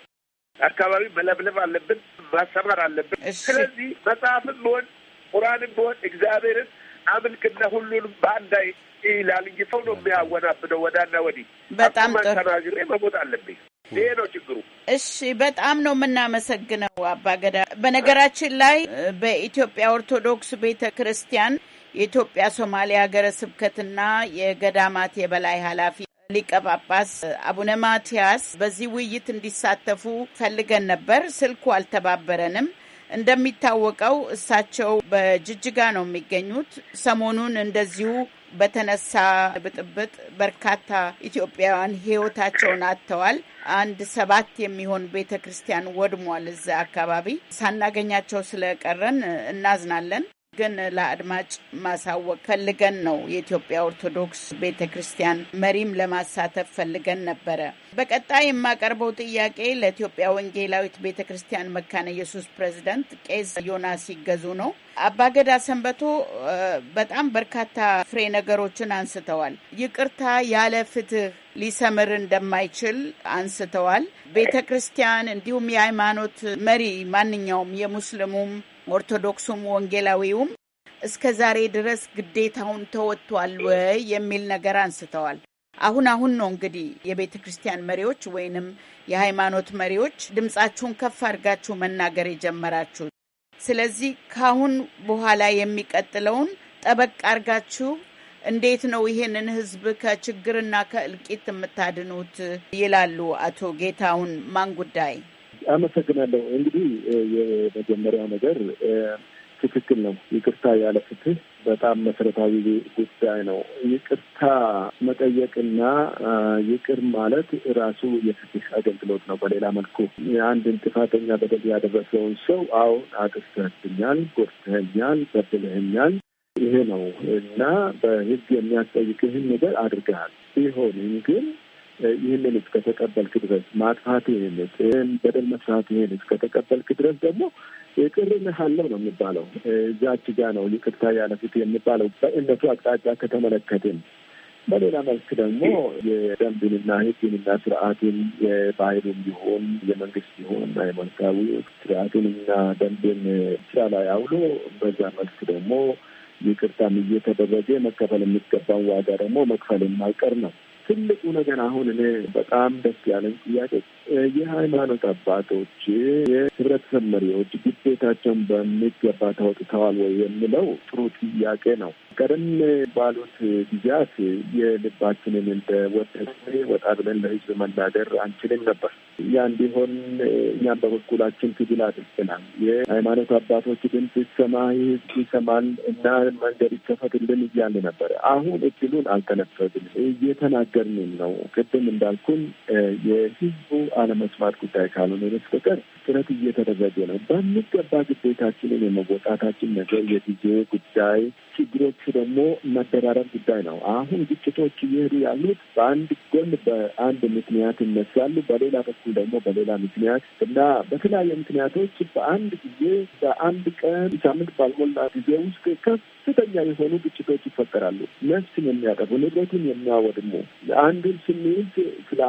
አካባቢ መለብለብ አለብን፣ ማሰማር አለብን። ስለዚህ መጽሐፍም ቢሆን ቁርአንም ቢሆን እግዚአብሔርን አምልክና ሁሉንም በአንድ አይ ይላል እንጂ ሰው ነው የሚያወናብደው ወዳና ወዲህ። በጣም ተናግሬ መሞት አለብኝ። ይሄ ነው ችግሩ። እሺ፣ በጣም ነው የምናመሰግነው አባገዳ። በነገራችን ላይ በኢትዮጵያ ኦርቶዶክስ ቤተ ክርስቲያን የኢትዮጵያ ሶማሌ ሀገረ ስብከትና የገዳማት የበላይ ኃላፊ ሊቀ ጳጳስ አቡነ ማቲያስ በዚህ ውይይት እንዲሳተፉ ፈልገን ነበር። ስልኩ አልተባበረንም። እንደሚታወቀው እሳቸው በጅጅጋ ነው የሚገኙት። ሰሞኑን እንደዚሁ በተነሳ ብጥብጥ በርካታ ኢትዮጵያውያን ሕይወታቸውን አጥተዋል። አንድ ሰባት የሚሆን ቤተ ክርስቲያን ወድሟል። እዛ አካባቢ ሳናገኛቸው ስለቀረን እናዝናለን። ግን ለአድማጭ ማሳወቅ ፈልገን ነው። የኢትዮጵያ ኦርቶዶክስ ቤተ ክርስቲያን መሪም ለማሳተፍ ፈልገን ነበረ። በቀጣይ የማቀርበው ጥያቄ ለኢትዮጵያ ወንጌላዊት ቤተ ክርስቲያን መካነ ኢየሱስ ፕሬዚደንት ቄስ ዮናስ ሲገዙ ነው። አባገዳ ሰንበቶ በጣም በርካታ ፍሬ ነገሮችን አንስተዋል። ይቅርታ ያለ ፍትህ ሊሰምር እንደማይችል አንስተዋል። ቤተ ክርስቲያን እንዲሁም የሃይማኖት መሪ ማንኛውም የሙስሊሙም ኦርቶዶክሱም ወንጌላዊውም እስከ ዛሬ ድረስ ግዴታውን ተወጥቷል ወይ የሚል ነገር አንስተዋል። አሁን አሁን ነው እንግዲህ የቤተ ክርስቲያን መሪዎች ወይንም የሃይማኖት መሪዎች ድምፃችሁን ከፍ አድርጋችሁ መናገር የጀመራችሁት። ስለዚህ ካሁን በኋላ የሚቀጥለውን ጠበቅ አድርጋችሁ እንዴት ነው ይሄንን ህዝብ ከችግርና ከእልቂት የምታድኑት? ይላሉ አቶ ጌታሁን ማን ጉዳይ አመሰግናለሁ። እንግዲህ የመጀመሪያው ነገር ትክክል ነው። ይቅርታ ያለ ፍትህ በጣም መሰረታዊ ጉዳይ ነው። ይቅርታ መጠየቅና ይቅር ማለት ራሱ የፍትህ አገልግሎት ነው። በሌላ መልኩ አንድን ጥፋተኛ በደል ያደረሰውን ሰው አሁን አጥፍተህብኛል፣ ጎድተኸኛል፣ በድለኸኛል ይሄ ነው እና በህግ የሚያስጠይቅህን ነገር አድርገሃል ቢሆንም ግን ይህንን እስከተቀበልክ ድረስ ማጥፋት ይህንስ ይህን በደል መስራት ይህን እስከተቀበልክ ድረስ ደግሞ ይቅርልሃለሁ ነው የሚባለው። እዛች ጋ ነው ይቅርታ ያለፊት የሚባለው በእነቱ አቅጣጫ ከተመለከትን። በሌላ መልክ ደግሞ የደንብንና ህግንና ስርዓትን የባህሉም ቢሆን የመንግስት ቢሆን ሃይማኖታዊ ስርዓቱንና ደንብን ስራ ላይ አውሎ በዛ መልክ ደግሞ ይቅርታም እየተደረገ መከፈል የሚገባን ዋጋ ደግሞ መክፈል የማይቀር ነው። ትልቁ ነገር አሁን እኔ በጣም ደስ ያለኝ ጥያቄ የሃይማኖት አባቶች፣ የህብረተሰብ መሪዎች ግዴታቸውን በሚገባ ተወጥተዋል ወይ የሚለው ጥሩ ጥያቄ ነው። ቀደም ባሉት ጊዜያት የልባችንን እንደ ወደድን ወጣ ብለን ለህዝብ መናገር አንችልም ነበር። ያ እንዲሆን እኛም በበኩላችን ትግል አድርገናል። የሃይማኖት አባቶች ድምፅ ይሰማ፣ ህዝብ ይሰማል እና መንገድ ይከፈትልን እያለ ነበር። አሁን እድሉን አልተነፈግንም፣ እየተናገርንም ነው። ቅድም እንዳልኩን የህዝቡ አለመስማት ጉዳይ ካልሆነ በስተቀር ጥረት እየተደረገ ነው። በሚገባ ግዴታችንን የመወጣታችን ነገር የጊዜ ጉዳይ፣ ችግሮቹ ደግሞ መደራረብ ጉዳይ ነው። አሁን ግጭቶች እየሄዱ ያሉት በአንድ ጎን በአንድ ምክንያት ይነሳሉ፣ በሌላ በኩል ደግሞ በሌላ ምክንያት እና በተለያዩ ምክንያቶች በአንድ ጊዜ በአንድ ቀን ሳምንት ባልሞላ ጊዜ ውስጥ ከፍ ከፍተኛ የሆኑ ግጭቶች ይፈጠራሉ። ነፍስን የሚያጠፉ፣ ንብረትን የሚያወድሙ፣ ለአንዱን ስሜት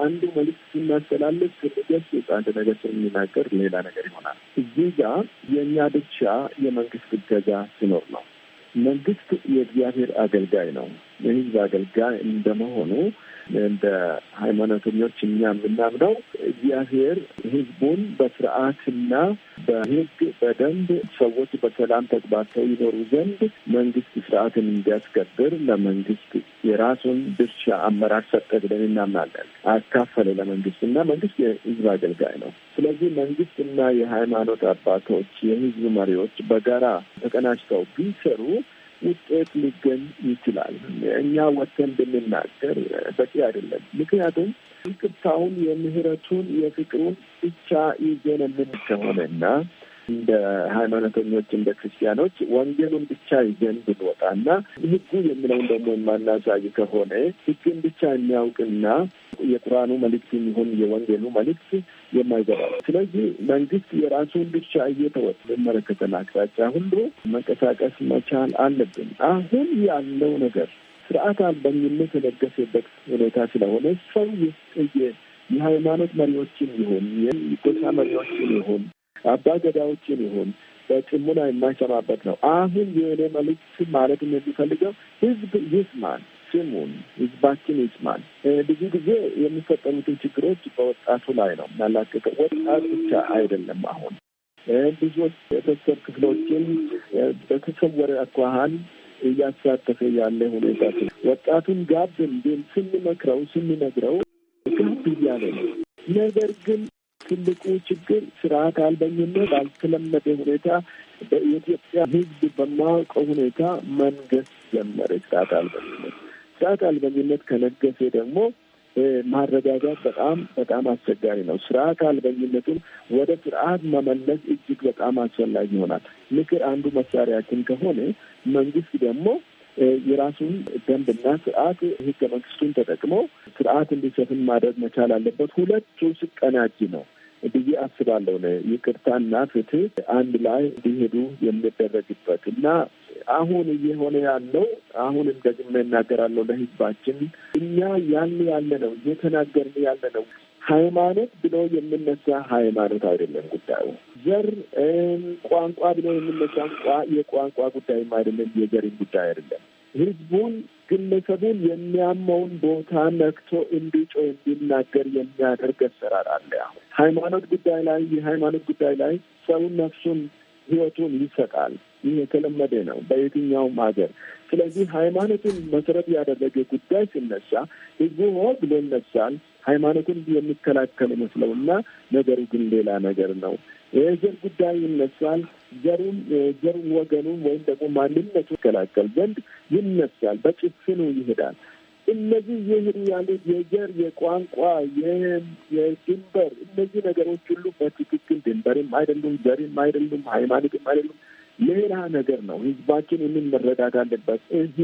አንዱ መልዕክት ስናስተላልፍ ስንደስ አንድ ነገር ስንናገር ሌላ ነገር ይሆናል። እዚህ ጋ የእኛ ብቻ የመንግስት እገዛ ሲኖር ነው። መንግስት የእግዚአብሔር አገልጋይ ነው። የህዝብ አገልጋይ እንደመሆኑ እንደ ሃይማኖተኞች እኛ የምናምነው እግዚአብሔር ህዝቡን በስርዓትና በህግ በደንብ ሰዎች በሰላም ተግባብተው ይኖሩ ዘንድ መንግስት ስርዓትን እንዲያስከብር ለመንግስት የራሱን ድርሻ አመራር ሰጠ ብለን እናምናለን። አካፈለ ለመንግስት እና መንግስት የህዝብ አገልጋይ ነው። ስለዚህ መንግስት እና የሃይማኖት አባቶች፣ የህዝብ መሪዎች በጋራ ተቀናጅተው ቢሰሩ ውጤት ሊገኝ ይችላል። እኛ ወተን ብንናገር በቂ አይደለም። ምክንያቱም ይቅርታውን፣ የምህረቱን፣ የፍቅሩን ብቻ ይዘን የምን ከሆነና እንደ ሃይማኖተኞች፣ እንደ ክርስቲያኖች ወንጌሉን ብቻ ይዘን ብንወጣና ህጉ የሚለውን ደግሞ የማናሳይ ከሆነ ህግን ብቻ የሚያውቅና የቁርአኑ መልእክት የሚሆን የወንጌሉ መልእክት የማይገባ ስለዚህ መንግስት የራሱን ብቻ እየተወጥ የሚመለከተን አቅጣጫ ሁሉ መንቀሳቀስ መቻል አለብን። አሁን ያለው ነገር ስርዓት አልበኝነት የለገሰበት ሁኔታ ስለሆነ ሰው የሃይማኖት መሪዎችን ይሁን የጎሳ መሪዎችን ይሁን አባገዳዎችን ይሁን በጥሙና የማይሰማበት ነው። አሁን የእኔ መልእክት ማለት የሚፈልገው ህዝብ ይስማን፣ ስሙን፣ ህዝባችን ይስማን። ብዙ ጊዜ የሚፈጠሩትን ችግሮች በወጣቱ ላይ ነው እናላቀቀው። ወጣት ብቻ አይደለም አሁን ብዙዎች የተሰብ ክፍሎችን በተሰወረ አኳኋን እያሳተፈ ያለ ሁኔታ ወጣቱን ጋብ እንዲል ስንመክረው ስንነግረው ጋብ እያለ ነው። ነገር ግን ትልቁ ችግር ስርዓት አልበኝነት ባልተለመደ ሁኔታ በኢትዮጵያ ሕዝብ በማያውቀው ሁኔታ መንገስ ጀመረ። ስርዓት አልበኝነት ስርዓት አልበኝነት ከነገሰ ደግሞ ማረጋጋት በጣም በጣም አስቸጋሪ ነው። ስርዓት አልበኝነቱን ወደ ስርዓት መመለስ እጅግ በጣም አስፈላጊ ይሆናል። ምክር አንዱ መሳሪያችን ከሆነ መንግስት ደግሞ የራሱን ደንብና ስርዓት ህገ መንግስቱን ተጠቅሞ ስርዓት እንዲሰፍን ማድረግ መቻል አለበት። ሁለቱ ስቀናጅ ነው ብዬ አስባለሁ። ነው ይቅርታና ፍትህ አንድ ላይ እንዲሄዱ የሚደረግበት እና አሁን እየሆነ ያለው አሁንም ደግሜ እናገራለሁ ለህዝባችን እኛ ያን ያለ ነው እየተናገርን ያለ ነው ሃይማኖት ብሎ የምነሳ ሃይማኖት አይደለም ጉዳዩ። ዘር ቋንቋ ብሎ የምነሳ የቋንቋ ጉዳይም አይደለም፣ የዘርን ጉዳይ አይደለም። ህዝቡን፣ ግለሰቡን የሚያመውን ቦታ ነክቶ እንዲጮ እንዲናገር የሚያደርግ አሰራር አለ። አሁን ሃይማኖት ጉዳይ ላይ የሃይማኖት ጉዳይ ላይ ሰውን ነፍሱን ህይወቱን ይሰጣል። ይህ የተለመደ ነው በየትኛውም ሀገር። ስለዚህ ሃይማኖትን መሰረት ያደረገ ጉዳይ ሲነሳ ህዝቡ ሆ ብሎ ይነሳል። ሃይማኖትን የሚከላከል ይመስለው እና ነገሩ ግን ሌላ ነገር ነው። የዘር ጉዳይ ይነሳል። ዘሩን ዘሩም ወገኑን ወይም ደግሞ ማንነቱ ይከላከል ዘንድ ይነሳል። በጭፍኑ ይሄዳል። እነዚህ የሄዱ ያሉት የዘር፣ የቋንቋ፣ የድንበር እነዚህ ነገሮች ሁሉ በትክክል ድንበርም አይደሉም፣ ዘርም አይደሉም፣ ሃይማኖትም አይደሉም። ሌላ ነገር ነው። ህዝባችን ይህንን መረዳት አለበት። ይሄ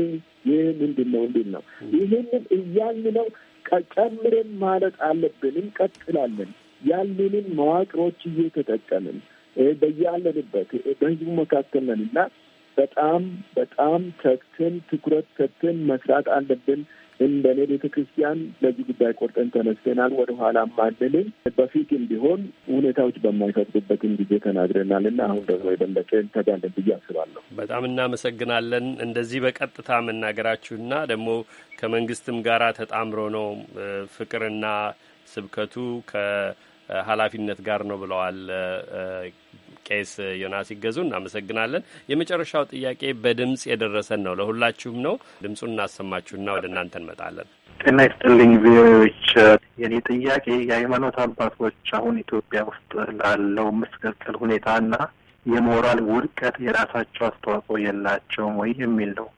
ይህ ምንድን ነው እንዲል ነው። ይህንን እያልን ነው ጨምረን ማለት አለብን። እንቀጥላለን ያሉንን መዋቅሮች እየተጠቀምን በያለንበት በህዝቡ መካከል ነን እና በጣም በጣም ተግተን ትኩረት ሰጥተን መስራት አለብን። እኔ ቤተ ክርስቲያን ለዚህ ጉዳይ ቆርጠን ተነስተናል። ወደኋላ ማንልም። በፊትም ቢሆን ሁኔታዎች በማይፈቅዱበትም ጊዜ ተናግረናል እና አሁን ደግሞ የበለጠ እንተጋለን ብዬ አስባለሁ። በጣም እናመሰግናለን። እንደዚህ በቀጥታ መናገራችሁና ደግሞ ከመንግስትም ጋር ተጣምሮ ነው ፍቅርና ስብከቱ ከኃላፊነት ጋር ነው ብለዋል ቄስ ዮናስ ይገዙ እናመሰግናለን። የመጨረሻው ጥያቄ በድምፅ የደረሰን ነው፣ ለሁላችሁም ነው። ድምፁን እናሰማችሁና ወደ እናንተ እንመጣለን። ጤና ይስጥልኝ ቪኦኤዎች። የኔ ጥያቄ የሃይማኖት አባቶች አሁን ኢትዮጵያ ውስጥ ላለው መስቀልቅል ሁኔታና የሞራል ውድቀት የራሳቸው አስተዋጽኦ የላቸውም ወይ የሚል ነው።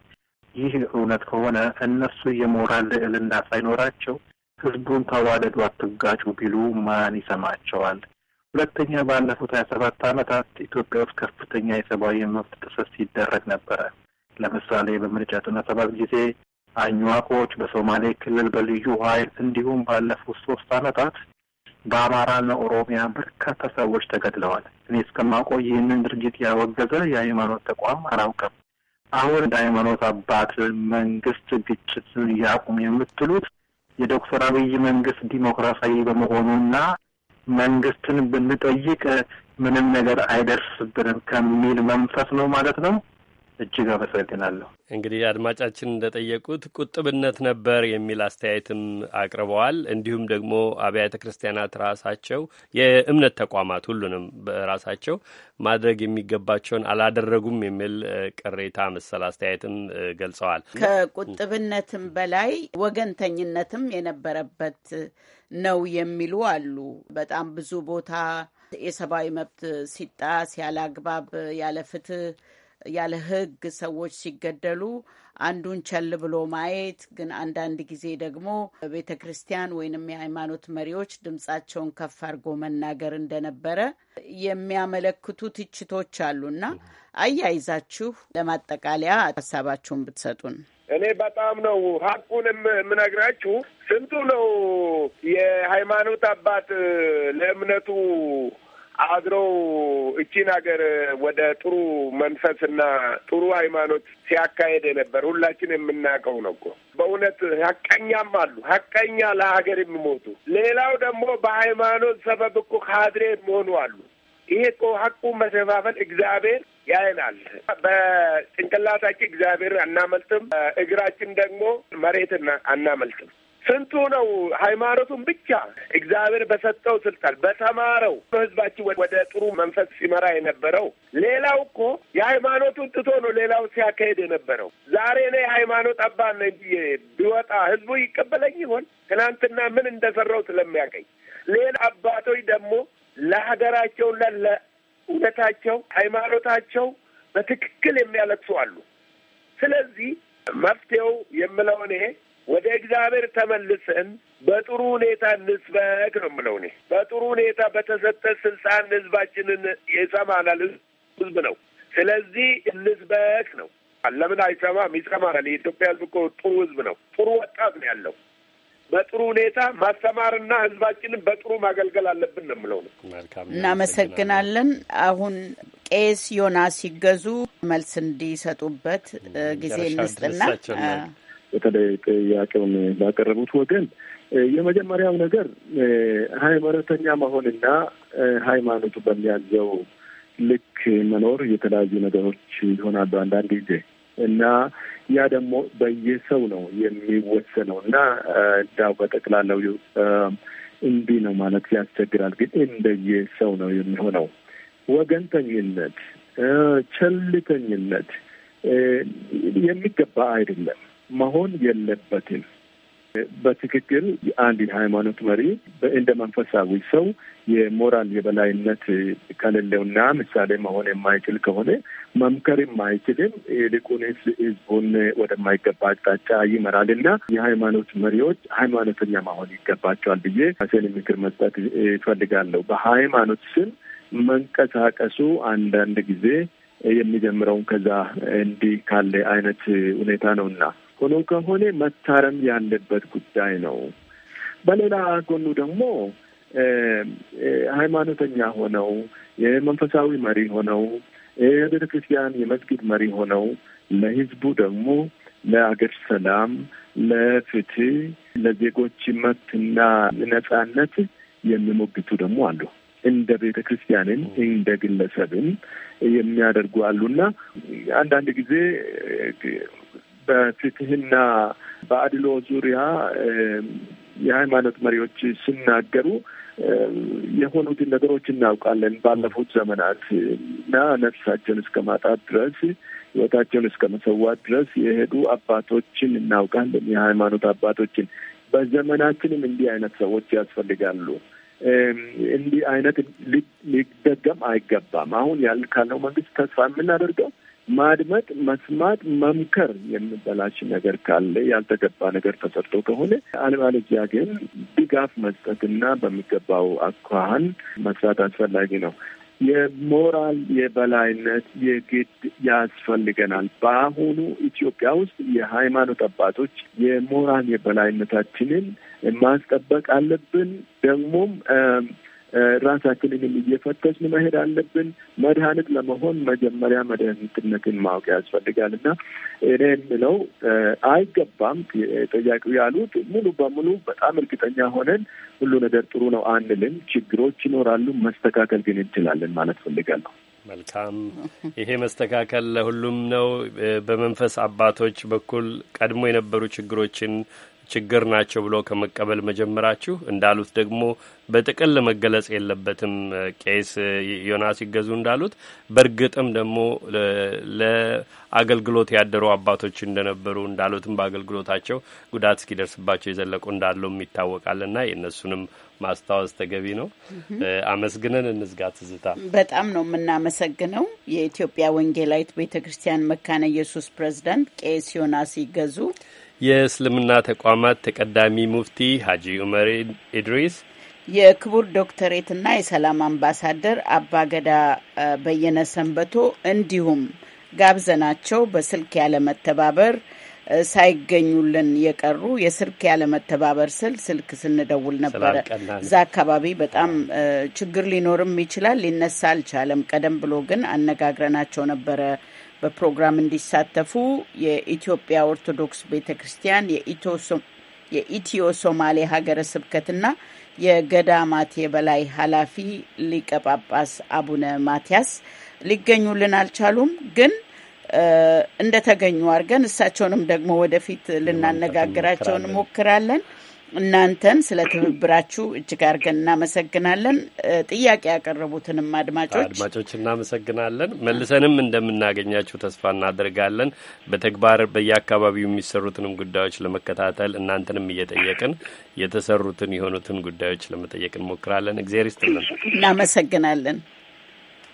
ይህ እውነት ከሆነ እነሱ የሞራል ልዕልና ሳይኖራቸው ህዝቡን ተዋደዱ፣ አትጋጩ ቢሉ ማን ይሰማቸዋል? ሁለተኛ ባለፉት ሀያ ሰባት ዓመታት ኢትዮጵያ ውስጥ ከፍተኛ የሰብአዊ መብት ጥሰት ሲደረግ ነበረ። ለምሳሌ በምርጫ ዘጠና ሰባት ጊዜ አኝዋቆች በሶማሌ ክልል በልዩ ኃይል እንዲሁም ባለፉት ሶስት አመታት በአማራና ኦሮሚያ በርካታ ሰዎች ተገድለዋል። እኔ እስከማውቀው ይህንን ድርጊት ያወገዘ የሃይማኖት ተቋም አላውቅም። አሁን እንደ ሃይማኖት አባት መንግስት ግጭትን ያቁም የምትሉት የዶክተር አብይ መንግስት ዲሞክራሲያዊ በመሆኑና መንግስትን ብንጠይቅ ምንም ነገር አይደርስብንም ከሚል መንፈስ ነው ማለት ነው። እጅግ አመሰግናለሁ። እንግዲህ አድማጫችን እንደጠየቁት ቁጥብነት ነበር የሚል አስተያየትም አቅርበዋል። እንዲሁም ደግሞ አብያተ ክርስቲያናት ራሳቸው የእምነት ተቋማት ሁሉንም በራሳቸው ማድረግ የሚገባቸውን አላደረጉም የሚል ቅሬታ መሰል አስተያየትም ገልጸዋል። ከቁጥብነትም በላይ ወገንተኝነትም የነበረበት ነው የሚሉ አሉ። በጣም ብዙ ቦታ የሰብአዊ መብት ሲጣስ ያለ አግባብ ያለ ፍትህ ያለ ሕግ ሰዎች ሲገደሉ አንዱን ቸል ብሎ ማየት ግን አንዳንድ ጊዜ ደግሞ ቤተ ክርስቲያን ወይንም የሃይማኖት መሪዎች ድምጻቸውን ከፍ አድርጎ መናገር እንደነበረ የሚያመለክቱ ትችቶች አሉና አያይዛችሁ ለማጠቃለያ ሀሳባችሁን ብትሰጡን። እኔ በጣም ነው ሀቁን የምነግራችሁ። ስንቱ ነው የሃይማኖት አባት ለእምነቱ አድረው እቺን ሀገር ወደ ጥሩ መንፈስና ጥሩ ሃይማኖት ሲያካሄድ የነበር ሁላችን የምናውቀው ነው እኮ በእውነት ሀቀኛም አሉ፣ ሀቀኛ ለሀገር የሚሞቱ ሌላው ደግሞ በሃይማኖት ሰበብ እኮ ካድሬ የሚሆኑ አሉ። ይሄ እኮ ሀቁ መሸፋፈል እግዚአብሔር ያይናል። በጭንቅላታችን እግዚአብሔር አናመልጥም፣ እግራችን ደግሞ መሬት አናመልጥም። ስንቱ ነው ሃይማኖቱን ብቻ እግዚአብሔር በሰጠው ስልጣን በተማረው በህዝባችን ወደ ጥሩ መንፈስ ሲመራ የነበረው። ሌላው እኮ የሃይማኖቱን ትቶ ነው ሌላው ሲያካሄድ የነበረው። ዛሬ እኔ ሃይማኖት አባት ነኝ ቢወጣ ህዝቡ ይቀበለኝ ይሆን? ትናንትና ምን እንደሰራው ስለሚያቀኝ። ሌላ አባቶች ደግሞ ለሀገራቸው ለእውነታቸው ሃይማኖታቸው በትክክል የሚያለቅሱ አሉ። ስለዚህ መፍትሄው የምለው እኔ ወደ እግዚአብሔር ተመልሰን በጥሩ ሁኔታ እንስበክ ነው የምለው እኔ። በጥሩ ሁኔታ በተሰጠ ስልጣን ህዝባችንን ይሰማናል። ህዝብ ነው። ስለዚህ እንስበክ ነው። ለምን አይሰማም? ይሰማናል። የኢትዮጵያ ህዝብ እኮ ጥሩ ህዝብ ነው። ጥሩ ወጣት ነው ያለው። በጥሩ ሁኔታ ማስተማርና ህዝባችንን በጥሩ ማገልገል አለብን ነው የምለው ነው። እናመሰግናለን። አሁን ቄስ ዮናስ ሲገዙ መልስ እንዲሰጡበት ጊዜ እንስጥና በተለይ ጥያቄውን ባቀረቡት ወገን የመጀመሪያው ነገር ሃይማኖተኛ መሆንና ሃይማኖቱ በሚያዘው ልክ መኖር የተለያዩ ነገሮች ይሆናሉ አንዳንድ ጊዜ እና ያ ደግሞ በየሰው ነው የሚወሰነው እና እንዳው በጠቅላላው እንዲህ ነው ማለት ያስቸግራል። ግን እንደየሰው ነው የሚሆነው። ወገንተኝነት፣ ቸልተኝነት የሚገባ አይደለም። መሆን የለበትም። በትክክል አንድ የሃይማኖት መሪ እንደ መንፈሳዊ ሰው የሞራል የበላይነት ከሌለውና ምሳሌ መሆን የማይችል ከሆነ መምከርም አይችልም። ይልቁንስ ህዝቡን ወደማይገባ አቅጣጫ ይመራል እና የሃይማኖት መሪዎች ሃይማኖተኛ መሆን ይገባቸዋል ብዬ ራሴን ምክር መስጠት ይፈልጋለሁ። በሃይማኖት ስም መንቀሳቀሱ አንዳንድ ጊዜ የሚጀምረውን ከዛ እንዲህ ካለ አይነት ሁኔታ ነውና ሆኖ ከሆነ መታረም ያለበት ጉዳይ ነው። በሌላ ጎኑ ደግሞ ሃይማኖተኛ ሆነው የመንፈሳዊ መሪ ሆነው የቤተ ክርስቲያን የመስጊድ መሪ ሆነው ለህዝቡ ደግሞ ለአገር ሰላም፣ ለፍትህ፣ ለዜጎች መብትና ነጻነት የሚሞግቱ ደግሞ አሉ። እንደ ቤተ ክርስቲያንን እንደ ግለሰብን የሚያደርጉ አሉና አንዳንድ ጊዜ በፍትህና በአድሎ ዙሪያ የሃይማኖት መሪዎች ሲናገሩ የሆኑትን ነገሮች እናውቃለን። ባለፉት ዘመናት እና ነፍሳቸውን እስከ ማጣት ድረስ ህይወታቸውን እስከ መሰዋት ድረስ የሄዱ አባቶችን እናውቃለን። የሃይማኖት አባቶችን በዘመናችንም እንዲህ አይነት ሰዎች ያስፈልጋሉ። እንዲህ አይነት ሊደገም አይገባም። አሁን ያል ካለው መንግስት ተስፋ የምናደርገው ማድመጥ፣ መስማት፣ መምከር የምንበላሽ ነገር ካለ ያልተገባ ነገር ተሰርቶ ከሆነ አለበለዚያ ግን ድጋፍ መስጠትና በሚገባው አኳኋን መስራት አስፈላጊ ነው። የሞራል የበላይነት የግድ ያስፈልገናል። በአሁኑ ኢትዮጵያ ውስጥ የሃይማኖት አባቶች የሞራል የበላይነታችንን ማስጠበቅ አለብን። ደግሞም ራሳችንን እየፈተሽን መሄድ አለብን። መድኃኒት ለመሆን መጀመሪያ መድኃኒትነትን ማወቅ ያስፈልጋል እና እኔ የምለው አይገባም። ጠያቂው ያሉት ሙሉ በሙሉ በጣም እርግጠኛ ሆነን ሁሉ ነገር ጥሩ ነው አንልም። ችግሮች ይኖራሉ፣ መስተካከል ግን እንችላለን ማለት ፈልጋለሁ። መልካም። ይሄ መስተካከል ለሁሉም ነው። በመንፈስ አባቶች በኩል ቀድሞ የነበሩ ችግሮችን ችግር ናቸው ብሎ ከመቀበል መጀመራችሁ እንዳሉት ደግሞ በጥቅል መገለጽ የለበትም። ቄስ ዮናስ ይገዙ እንዳሉት በእርግጥም ደግሞ ለአገልግሎት ያደሩ አባቶች እንደነበሩ እንዳሉትም በአገልግሎታቸው ጉዳት እስኪደርስባቸው የዘለቁ እንዳሉም ይታወቃልና የእነሱንም ማስታወስ ተገቢ ነው። አመስግነን እንዝጋ። ትዝታ፣ በጣም ነው የምናመሰግነው የኢትዮጵያ ወንጌላዊት ቤተ ክርስቲያን መካነ ኢየሱስ ፕሬዚዳንት ቄስ ዮናስ ይገዙ የእስልምና ተቋማት ተቀዳሚ ሙፍቲ ሀጂ ኡመር ኢድሪስ የክቡር ዶክተሬትና የሰላም አምባሳደር አባገዳ በየነ ሰንበቶ እንዲሁም ጋብዘናቸው በስልክ ያለመተባበር ሳይገኙልን የቀሩ የስልክ ያለመተባበር ስል ስልክ ስንደውል ነበረ። እዛ አካባቢ በጣም ችግር ሊኖርም ይችላል። ሊነሳ አልቻለም። ቀደም ብሎ ግን አነጋግረናቸው ነበረ። በፕሮግራም እንዲሳተፉ የኢትዮጵያ ኦርቶዶክስ ቤተ ክርስቲያን የኢትዮ ሶማሌ ሀገረ ስብከትና የገዳማት የበላይ ኃላፊ ሊቀ ጳጳስ አቡነ ማቲያስ ሊገኙልን አልቻሉም። ግን እንደተገኙ አድርገን እሳቸውንም ደግሞ ወደፊት ልናነጋግራቸው እንሞክራለን። እናንተን ስለ ትብብራችሁ እጅግ አድርገን እናመሰግናለን። ጥያቄ ያቀረቡትንም አድማጮች አድማጮች እናመሰግናለን። መልሰንም እንደምናገኛችሁ ተስፋ እናደርጋለን። በተግባር በየአካባቢው የሚሰሩትንም ጉዳዮች ለመከታተል እናንተንም እየጠየቅን የተሰሩትን የሆኑትን ጉዳዮች ለመጠየቅ እንሞክራለን። እግዜር ይስጥልን። እናመሰግናለን።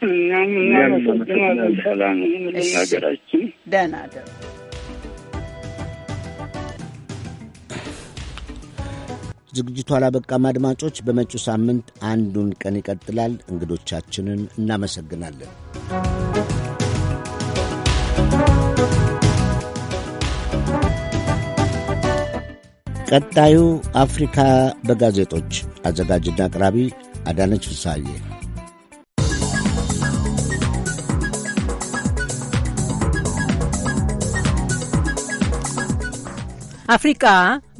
እናም እናመሰግናለን። ሰላም ይሁን ለሀገራችን። ደህና ደሩ። ዝግጅቱ አላበቃም። አድማጮች፣ በመጪው ሳምንት አንዱን ቀን ይቀጥላል። እንግዶቻችንን እናመሰግናለን። ቀጣዩ አፍሪካ በጋዜጦች አዘጋጅና አቅራቢ አዳነች ፍሳዬ አፍሪቃ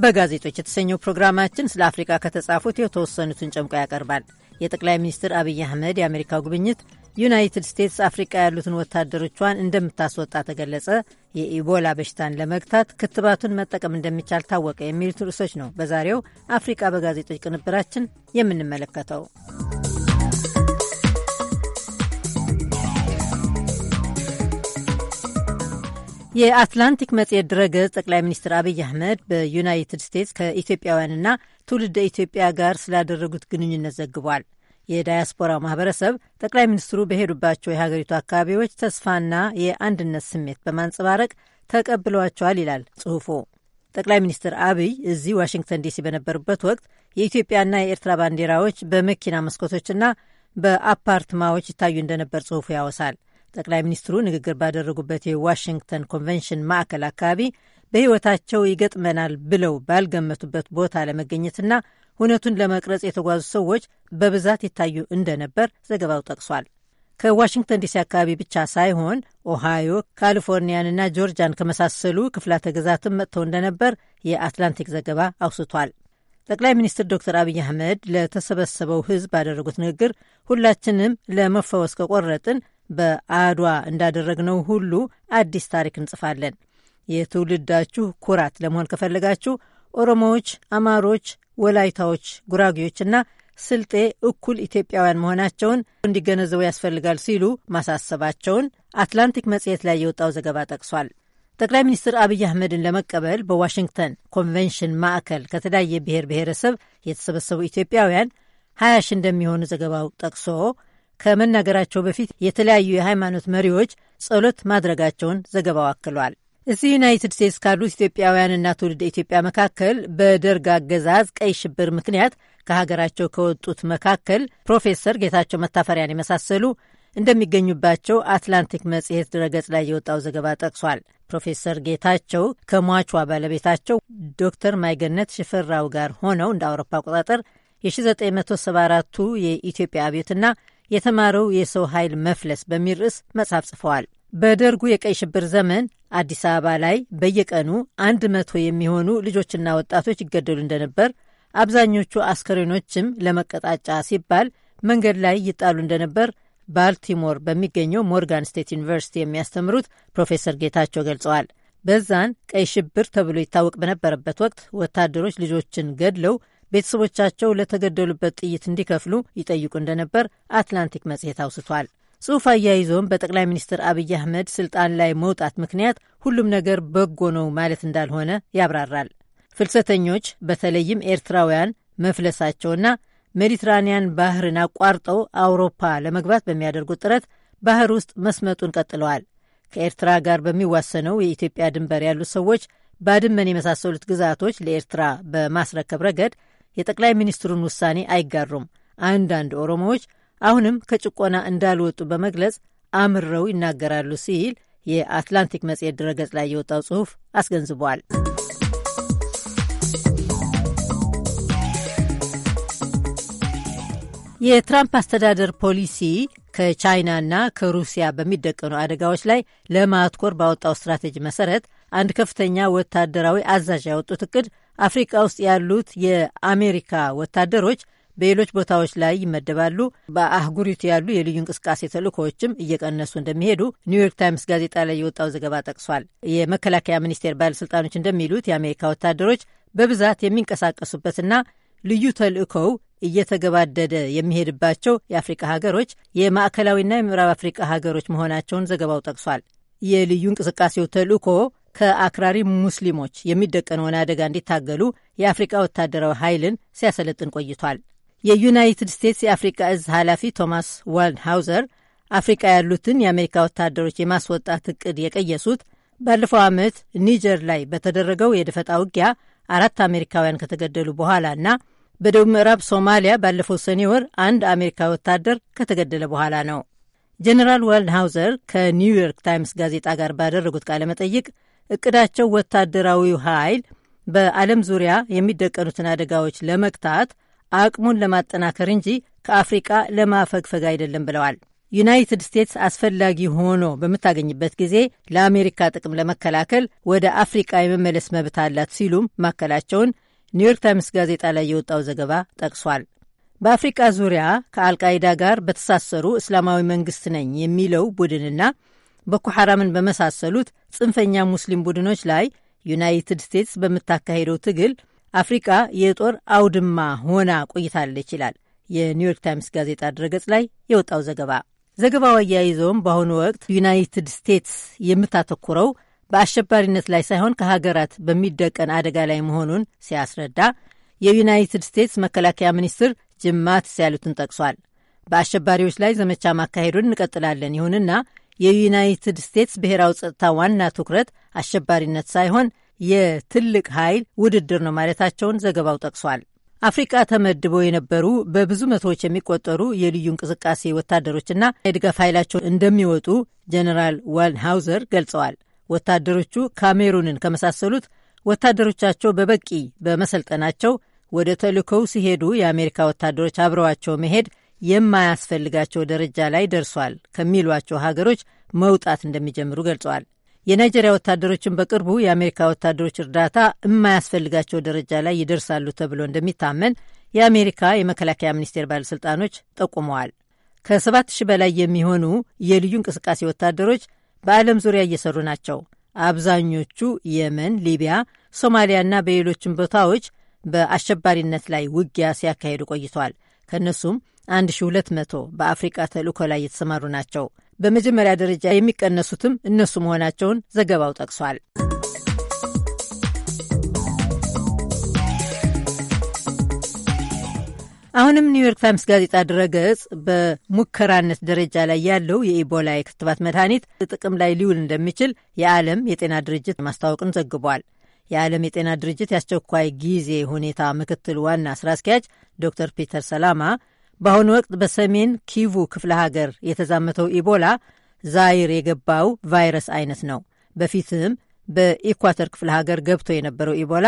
በጋዜጦች የተሰኘው ፕሮግራማችን ስለ አፍሪቃ ከተጻፉት የተወሰኑትን ጨምቆ ያቀርባል። የጠቅላይ ሚኒስትር አብይ አህመድ የአሜሪካ ጉብኝት ዩናይትድ ስቴትስ አፍሪቃ ያሉትን ወታደሮቿን እንደምታስወጣ ተገለጸ፣ የኢቦላ በሽታን ለመግታት ክትባቱን መጠቀም እንደሚቻል ታወቀ፣ የሚሉት ርዕሶች ነው በዛሬው አፍሪቃ በጋዜጦች ቅንብራችን የምንመለከተው። የአትላንቲክ መጽሔት ድረገጽ ጠቅላይ ሚኒስትር አብይ አህመድ በዩናይትድ ስቴትስ ከኢትዮጵያውያንና ትውልደ ኢትዮጵያ ጋር ስላደረጉት ግንኙነት ዘግቧል። የዳያስፖራ ማህበረሰብ ጠቅላይ ሚኒስትሩ በሄዱባቸው የሀገሪቱ አካባቢዎች ተስፋና የአንድነት ስሜት በማንጸባረቅ ተቀብለዋቸዋል ይላል ጽሑፉ። ጠቅላይ ሚኒስትር አብይ እዚህ ዋሽንግተን ዲሲ በነበሩበት ወቅት የኢትዮጵያና የኤርትራ ባንዲራዎች በመኪና መስኮቶችና በአፓርትማዎች ይታዩ እንደነበር ጽሑፉ ያወሳል። ጠቅላይ ሚኒስትሩ ንግግር ባደረጉበት የዋሽንግተን ኮንቨንሽን ማዕከል አካባቢ በሕይወታቸው ይገጥመናል ብለው ባልገመቱበት ቦታ ለመገኘትና እውነቱን ለመቅረጽ የተጓዙ ሰዎች በብዛት ይታዩ እንደነበር ዘገባው ጠቅሷል። ከዋሽንግተን ዲሲ አካባቢ ብቻ ሳይሆን ኦሃዮ፣ ካሊፎርኒያንና ጆርጂያን ከመሳሰሉ ክፍላተ ግዛትም መጥተው እንደነበር የአትላንቲክ ዘገባ አውስቷል። ጠቅላይ ሚኒስትር ዶክተር አብይ አህመድ ለተሰበሰበው ሕዝብ ባደረጉት ንግግር ሁላችንም ለመፈወስ ከቆረጥን በአድዋ እንዳደረግነው ሁሉ አዲስ ታሪክ እንጽፋለን። የትውልዳችሁ ኩራት ለመሆን ከፈለጋችሁ ኦሮሞዎች፣ አማሮች፣ ወላይታዎች፣ ጉራጌዎችና ስልጤ እኩል ኢትዮጵያውያን መሆናቸውን እንዲገነዘቡ ያስፈልጋል ሲሉ ማሳሰባቸውን አትላንቲክ መጽሔት ላይ የወጣው ዘገባ ጠቅሷል። ጠቅላይ ሚኒስትር አብይ አህመድን ለመቀበል በዋሽንግተን ኮንቬንሽን ማዕከል ከተለያየ ብሔር ብሔረሰብ የተሰበሰቡ ኢትዮጵያውያን ሀያ ሺ እንደሚሆኑ ዘገባው ጠቅሶ ከመናገራቸው በፊት የተለያዩ የሃይማኖት መሪዎች ጸሎት ማድረጋቸውን ዘገባው አክሏል። እዚህ ዩናይትድ ስቴትስ ካሉት ኢትዮጵያውያንና ትውልድ ኢትዮጵያ መካከል በደርግ አገዛዝ ቀይ ሽብር ምክንያት ከሀገራቸው ከወጡት መካከል ፕሮፌሰር ጌታቸው መታፈሪያን የመሳሰሉ እንደሚገኙባቸው አትላንቲክ መጽሔት ድረገጽ ላይ የወጣው ዘገባ ጠቅሷል። ፕሮፌሰር ጌታቸው ከሟቿ ባለቤታቸው ዶክተር ማይገነት ሽፈራው ጋር ሆነው እንደ አውሮፓ አቆጣጠር የ1974ቱ የኢትዮጵያ አብዮትና የተማረው የሰው ኃይል መፍለስ በሚል ርዕስ መጽሐፍ ጽፈዋል። በደርጉ የቀይ ሽብር ዘመን አዲስ አበባ ላይ በየቀኑ አንድ መቶ የሚሆኑ ልጆችና ወጣቶች ይገደሉ እንደነበር፣ አብዛኞቹ አስከሬኖችም ለመቀጣጫ ሲባል መንገድ ላይ ይጣሉ እንደነበር ባልቲሞር በሚገኘው ሞርጋን ስቴት ዩኒቨርሲቲ የሚያስተምሩት ፕሮፌሰር ጌታቸው ገልጸዋል። በዛን ቀይ ሽብር ተብሎ ይታወቅ በነበረበት ወቅት ወታደሮች ልጆችን ገድለው ቤተሰቦቻቸው ለተገደሉበት ጥይት እንዲከፍሉ ይጠይቁ እንደነበር አትላንቲክ መጽሔት አውስቷል። ጽሑፍ አያይዞም በጠቅላይ ሚኒስትር አብይ አህመድ ስልጣን ላይ መውጣት ምክንያት ሁሉም ነገር በጎ ነው ማለት እንዳልሆነ ያብራራል። ፍልሰተኞች በተለይም ኤርትራውያን መፍለሳቸውና ሜዲትራኒያን ባህርን አቋርጠው አውሮፓ ለመግባት በሚያደርጉት ጥረት ባህር ውስጥ መስመጡን ቀጥለዋል። ከኤርትራ ጋር በሚዋሰነው የኢትዮጵያ ድንበር ያሉት ሰዎች ባድመን የመሳሰሉት ግዛቶች ለኤርትራ በማስረከብ ረገድ የጠቅላይ ሚኒስትሩን ውሳኔ አይጋሩም። አንዳንድ ኦሮሞዎች አሁንም ከጭቆና እንዳልወጡ በመግለጽ አምረው ይናገራሉ ሲል የአትላንቲክ መጽሔት ድረገጽ ላይ የወጣው ጽሑፍ አስገንዝቧል። የትራምፕ አስተዳደር ፖሊሲ ከቻይናና ከሩሲያ በሚደቀኑ አደጋዎች ላይ ለማትኮር ባወጣው ስትራቴጂ መሰረት አንድ ከፍተኛ ወታደራዊ አዛዥ ያወጡት እቅድ አፍሪካ ውስጥ ያሉት የአሜሪካ ወታደሮች በሌሎች ቦታዎች ላይ ይመደባሉ። በአህጉሪቱ ያሉ የልዩ እንቅስቃሴ ተልእኮዎችም እየቀነሱ እንደሚሄዱ ኒውዮርክ ታይምስ ጋዜጣ ላይ የወጣው ዘገባ ጠቅሷል። የመከላከያ ሚኒስቴር ባለሥልጣኖች እንደሚሉት የአሜሪካ ወታደሮች በብዛት የሚንቀሳቀሱበትና ልዩ ተልእኮው እየተገባደደ የሚሄድባቸው የአፍሪቃ ሀገሮች የማዕከላዊና የምዕራብ አፍሪቃ ሀገሮች መሆናቸውን ዘገባው ጠቅሷል። የልዩ እንቅስቃሴው ተልእኮ ከአክራሪ ሙስሊሞች የሚደቀነውን አደጋ እንዲታገሉ የአፍሪቃ ወታደራዊ ኃይልን ሲያሰለጥን ቆይቷል። የዩናይትድ ስቴትስ የአፍሪቃ እዝ ኃላፊ ቶማስ ዋልድሃውዘር አፍሪቃ ያሉትን የአሜሪካ ወታደሮች የማስወጣት እቅድ የቀየሱት ባለፈው ዓመት ኒጀር ላይ በተደረገው የድፈጣ ውጊያ አራት አሜሪካውያን ከተገደሉ በኋላ እና በደቡብ ምዕራብ ሶማሊያ ባለፈው ሰኔ ወር አንድ አሜሪካ ወታደር ከተገደለ በኋላ ነው። ጀኔራል ዋልድሃውዘር ከኒውዮርክ ታይምስ ጋዜጣ ጋር ባደረጉት ቃለ መጠይቅ እቅዳቸው ወታደራዊው ኃይል በዓለም ዙሪያ የሚደቀኑትን አደጋዎች ለመግታት አቅሙን ለማጠናከር እንጂ ከአፍሪቃ ለማፈግፈግ አይደለም ብለዋል። ዩናይትድ ስቴትስ አስፈላጊ ሆኖ በምታገኝበት ጊዜ ለአሜሪካ ጥቅም ለመከላከል ወደ አፍሪቃ የመመለስ መብት አላት ሲሉም ማከላቸውን ኒውዮርክ ታይምስ ጋዜጣ ላይ የወጣው ዘገባ ጠቅሷል። በአፍሪቃ ዙሪያ ከአልቃይዳ ጋር በተሳሰሩ እስላማዊ መንግስት ነኝ የሚለው ቡድንና ቦኮ ሐራምን በመሳሰሉት ጽንፈኛ ሙስሊም ቡድኖች ላይ ዩናይትድ ስቴትስ በምታካሄደው ትግል አፍሪቃ የጦር አውድማ ሆና ቆይታለች ይላል የኒውዮርክ ታይምስ ጋዜጣ ድረገጽ ላይ የወጣው ዘገባ። ዘገባው አያይዘውም በአሁኑ ወቅት ዩናይትድ ስቴትስ የምታተኩረው በአሸባሪነት ላይ ሳይሆን ከሀገራት በሚደቀን አደጋ ላይ መሆኑን ሲያስረዳ የዩናይትድ ስቴትስ መከላከያ ሚኒስትር ጅማት ሲያሉትን ያሉትን ጠቅሷል። በአሸባሪዎች ላይ ዘመቻ ማካሄዱን እንቀጥላለን፣ ይሁንና የዩናይትድ ስቴትስ ብሔራዊ ጸጥታ ዋና ትኩረት አሸባሪነት ሳይሆን የትልቅ ኃይል ውድድር ነው ማለታቸውን ዘገባው ጠቅሷል። አፍሪቃ ተመድበው የነበሩ በብዙ መቶዎች የሚቆጠሩ የልዩ እንቅስቃሴ ወታደሮችና የድጋፍ ኃይላቸው እንደሚወጡ ጀኔራል ዋልንሃውዘር ገልጸዋል። ወታደሮቹ ካሜሩንን ከመሳሰሉት ወታደሮቻቸው በበቂ በመሰልጠናቸው ወደ ተልእኮው ሲሄዱ የአሜሪካ ወታደሮች አብረዋቸው መሄድ የማያስፈልጋቸው ደረጃ ላይ ደርሷል ከሚሏቸው ሀገሮች መውጣት እንደሚጀምሩ ገልጸዋል። የናይጀሪያ ወታደሮችን በቅርቡ የአሜሪካ ወታደሮች እርዳታ የማያስፈልጋቸው ደረጃ ላይ ይደርሳሉ ተብሎ እንደሚታመን የአሜሪካ የመከላከያ ሚኒስቴር ባለሥልጣኖች ጠቁመዋል። ከሰባት ሺህ በላይ የሚሆኑ የልዩ እንቅስቃሴ ወታደሮች በዓለም ዙሪያ እየሰሩ ናቸው። አብዛኞቹ የመን፣ ሊቢያ፣ ሶማሊያና በሌሎችም ቦታዎች በአሸባሪነት ላይ ውጊያ ሲያካሂዱ ቆይተዋል። ከእነሱም 1200 በአፍሪቃ ተልእኮ ላይ የተሰማሩ ናቸው። በመጀመሪያ ደረጃ የሚቀነሱትም እነሱ መሆናቸውን ዘገባው ጠቅሷል። አሁንም ኒውዮርክ ታይምስ ጋዜጣ ድረገጽ በሙከራነት ደረጃ ላይ ያለው የኢቦላ የክትባት መድኃኒት ጥቅም ላይ ሊውል እንደሚችል የዓለም የጤና ድርጅት ማስታወቅን ዘግቧል። የዓለም የጤና ድርጅት የአስቸኳይ ጊዜ ሁኔታ ምክትል ዋና ስራ አስኪያጅ ዶክተር ፒተር ሰላማ በአሁኑ ወቅት በሰሜን ኪቩ ክፍለ ሀገር የተዛመተው ኢቦላ ዛይር የገባው ቫይረስ አይነት ነው። በፊትም በኢኳተር ክፍለ ሀገር ገብቶ የነበረው ኢቦላ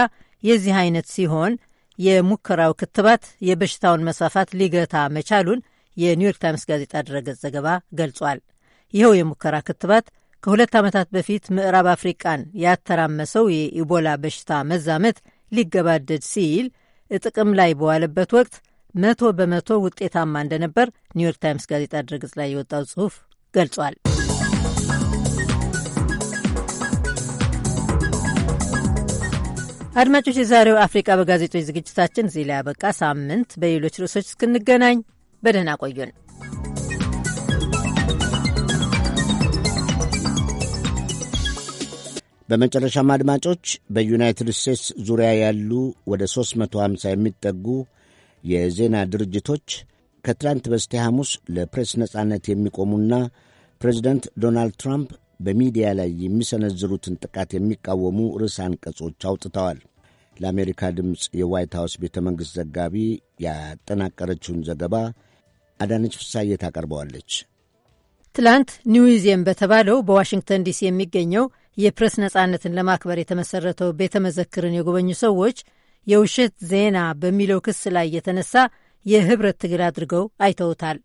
የዚህ አይነት ሲሆን የሙከራው ክትባት የበሽታውን መስፋፋት ሊገታ መቻሉን የኒውዮርክ ታይምስ ጋዜጣ ድረገጽ ዘገባ ገልጿል። ይኸው የሙከራ ክትባት ከሁለት ዓመታት በፊት ምዕራብ አፍሪቃን ያተራመሰው የኢቦላ በሽታ መዛመት ሊገባደድ ሲል ጥቅም ላይ በዋለበት ወቅት መቶ በመቶ ውጤታማ እንደነበር ኒውዮርክ ታይምስ ጋዜጣ ድረገጽ ላይ የወጣው ጽሑፍ ገልጿል። አድማጮች፣ የዛሬው አፍሪቃ በጋዜጦች ዝግጅታችን እዚህ ላይ ያበቃ። ሳምንት በሌሎች ርዕሶች እስክንገናኝ በደህና ቆዩን። በመጨረሻም አድማጮች በዩናይትድ ስቴትስ ዙሪያ ያሉ ወደ 350 የሚጠጉ የዜና ድርጅቶች ከትላንት በስቲያ ሐሙስ ለፕሬስ ነጻነት የሚቆሙና ፕሬዚደንት ዶናልድ ትራምፕ በሚዲያ ላይ የሚሰነዝሩትን ጥቃት የሚቃወሙ ርዕሰ አንቀጾች አውጥተዋል። ለአሜሪካ ድምፅ የዋይት ሐውስ ቤተ መንግሥት ዘጋቢ ያጠናቀረችውን ዘገባ አዳነች ፍሳዬ ታቀርበዋለች። ትላንት ኒውዚየም በተባለው በዋሽንግተን ዲሲ የሚገኘው የፕሬስ ነጻነትን ለማክበር የተመሠረተው ቤተ መዘክርን የጎበኙ ሰዎች የውሸት ዜና በሚለው ክስ ላይ የተነሳ የህብረት ትግል አድርገው አይተውታል።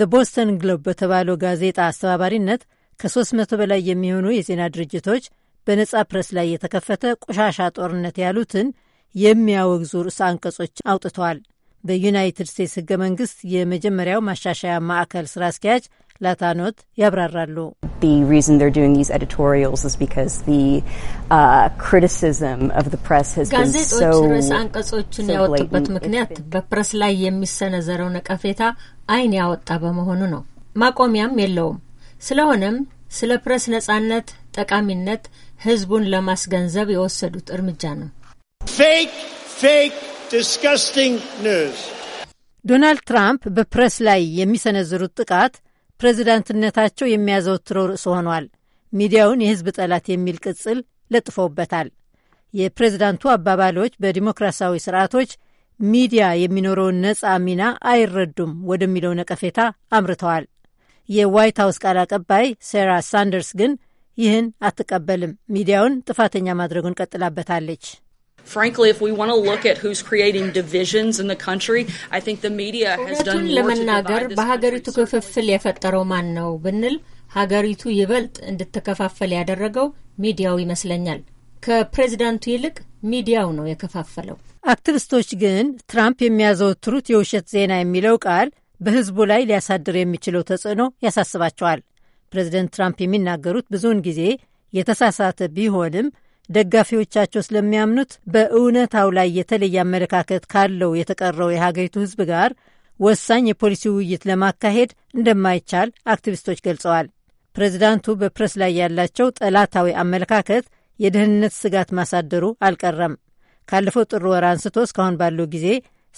ዘ ቦስተን ግሎብ በተባለው ጋዜጣ አስተባባሪነት ከ300 በላይ የሚሆኑ የዜና ድርጅቶች በነጻ ፕረስ ላይ የተከፈተ ቆሻሻ ጦርነት ያሉትን የሚያወግዙ ርዕሰ አንቀጾች አውጥተዋል። በዩናይትድ ስቴትስ ህገ መንግስት የመጀመሪያው ማሻሻያ ማዕከል ስራ አስኪያጅ ላታኖት ያብራራሉ። uh, ጋዜጦች ርዕስ አንቀጾችን ያወጡበት ምክንያት በፕረስ ላይ የሚሰነዘረው ነቀፌታ አይን ያወጣ በመሆኑ ነው። ማቆሚያም የለውም። ስለሆነም ስለ ፕረስ ነጻነት ጠቃሚነት ህዝቡን ለማስገንዘብ የወሰዱት እርምጃ ነው። ዶናልድ ትራምፕ በፕረስ ላይ የሚሰነዝሩት ጥቃት ፕሬዚዳንትነታቸው የሚያዘወትረው ርዕስ ሆኗል። ሚዲያውን የህዝብ ጠላት የሚል ቅጽል ለጥፈውበታል። የፕሬዚዳንቱ አባባሎች በዲሞክራሲያዊ ስርዓቶች ሚዲያ የሚኖረውን ነፃ ሚና አይረዱም ወደሚለው ነቀፌታ አምርተዋል። የዋይት ሀውስ ቃል አቀባይ ሴራ ሳንደርስ ግን ይህን አትቀበልም፣ ሚዲያውን ጥፋተኛ ማድረጉን ቀጥላበታለች። frankly, if we want to look at who's creating divisions in the country, I think the media has done more ለመናገር በሀገሪቱ ክፍፍል የፈጠረው ማን ነው ብንል ሀገሪቱ ይበልጥ እንድትከፋፈል ያደረገው ሚዲያው ይመስለኛል። ከፕሬዚዳንቱ ይልቅ ሚዲያው ነው የከፋፈለው። አክቲቪስቶች ግን ትራምፕ የሚያዘወትሩት የውሸት ዜና የሚለው ቃል በህዝቡ ላይ ሊያሳድር የሚችለው ተጽዕኖ ያሳስባቸዋል። ፕሬዚደንት ትራምፕ የሚናገሩት ብዙውን ጊዜ የተሳሳተ ቢሆንም ደጋፊዎቻቸው ስለሚያምኑት በእውነታው ላይ የተለየ አመለካከት ካለው የተቀረው የሀገሪቱ ሕዝብ ጋር ወሳኝ የፖሊሲ ውይይት ለማካሄድ እንደማይቻል አክቲቪስቶች ገልጸዋል። ፕሬዚዳንቱ በፕሬስ ላይ ያላቸው ጠላታዊ አመለካከት የደህንነት ስጋት ማሳደሩ አልቀረም። ካለፈው ጥር ወር አንስቶ እስካሁን ባለው ጊዜ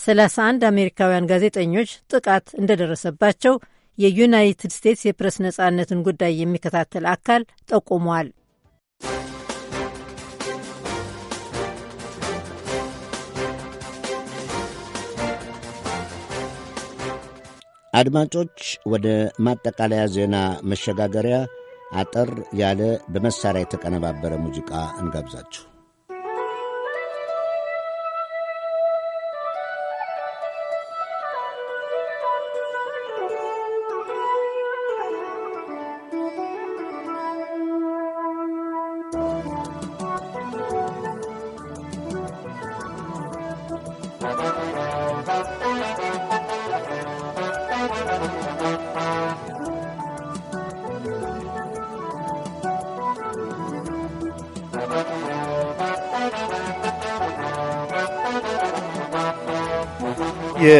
31 አሜሪካውያን ጋዜጠኞች ጥቃት እንደደረሰባቸው የዩናይትድ ስቴትስ የፕሬስ ነጻነትን ጉዳይ የሚከታተል አካል ጠቁመዋል። አድማጮች ወደ ማጠቃለያ ዜና መሸጋገሪያ አጠር ያለ በመሳሪያ የተቀነባበረ ሙዚቃ እንጋብዛችሁ።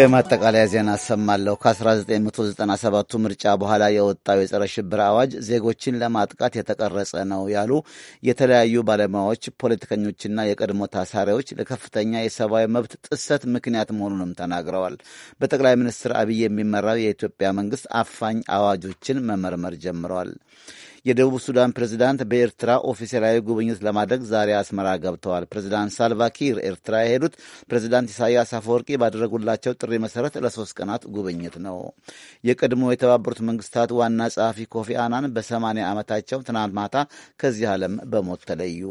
የማጠቃለያ ዜና አሰማለሁ። ከ1997 ምርጫ በኋላ የወጣው የጸረ ሽብር አዋጅ ዜጎችን ለማጥቃት የተቀረጸ ነው ያሉ የተለያዩ ባለሙያዎች፣ ፖለቲከኞችና የቀድሞ ታሳሪዎች ለከፍተኛ የሰብአዊ መብት ጥሰት ምክንያት መሆኑንም ተናግረዋል። በጠቅላይ ሚኒስትር አብይ የሚመራው የኢትዮጵያ መንግስት አፋኝ አዋጆችን መመርመር ጀምረዋል። የደቡብ ሱዳን ፕሬዚዳንት በኤርትራ ኦፊሴላዊ ጉብኝት ለማድረግ ዛሬ አስመራ ገብተዋል። ፕሬዚዳንት ሳልቫኪር ኤርትራ የሄዱት ፕሬዚዳንት ኢሳያስ አፈወርቂ ባደረጉላቸው ጥሪ መሰረት ለሶስት ቀናት ጉብኝት ነው። የቀድሞ የተባበሩት መንግስታት ዋና ጸሐፊ ኮፊ አናን በሰማንያ ዓመታቸው ትናንት ማታ ከዚህ ዓለም በሞት ተለዩ።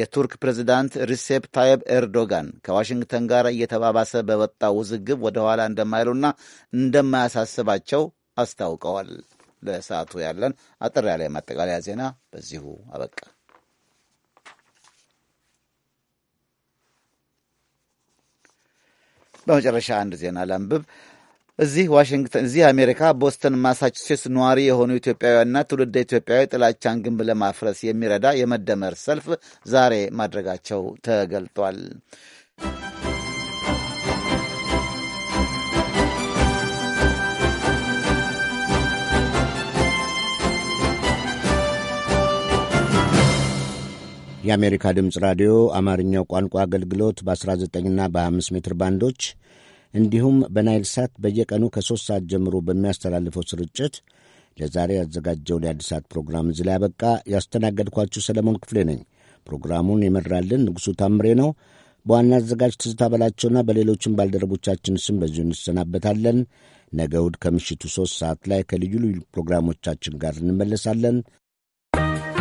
የቱርክ ፕሬዚዳንት ሪሴፕ ታይብ ኤርዶጋን ከዋሽንግተን ጋር እየተባባሰ በወጣው ውዝግብ ወደ ኋላ እንደማይሉና እንደማያሳስባቸው አስታውቀዋል። ለሰዓቱ ያለን አጠር ያለ ማጠቃለያ ዜና በዚሁ አበቃ። በመጨረሻ አንድ ዜና ላንብብ። እዚህ ዋሽንግተን እዚህ አሜሪካ ቦስተን ማሳቹሴትስ ነዋሪ የሆኑ ኢትዮጵያውያንና ትውልደ ኢትዮጵያዊ ጥላቻን ግንብ ለማፍረስ የሚረዳ የመደመር ሰልፍ ዛሬ ማድረጋቸው ተገልጧል። የአሜሪካ ድምፅ ራዲዮ አማርኛው ቋንቋ አገልግሎት በ19ና በ5 ሜትር ባንዶች እንዲሁም በናይል ሳት በየቀኑ ከሦስት ሰዓት ጀምሮ በሚያስተላልፈው ስርጭት ለዛሬ ያዘጋጀውን የአዲስ ሰዓት ፕሮግራም እዚህ ላይ ያበቃ። ያስተናገድኳችሁ ሰለሞን ክፍሌ ነኝ። ፕሮግራሙን የመራልን ንጉሡ ታምሬ ነው። በዋና አዘጋጅ ትዝታ በላቸውና በሌሎችም ባልደረቦቻችን ስም በዚሁ እንሰናበታለን። ነገ እሁድ ከምሽቱ ሦስት ሰዓት ላይ ከልዩ ልዩ ፕሮግራሞቻችን ጋር እንመለሳለን።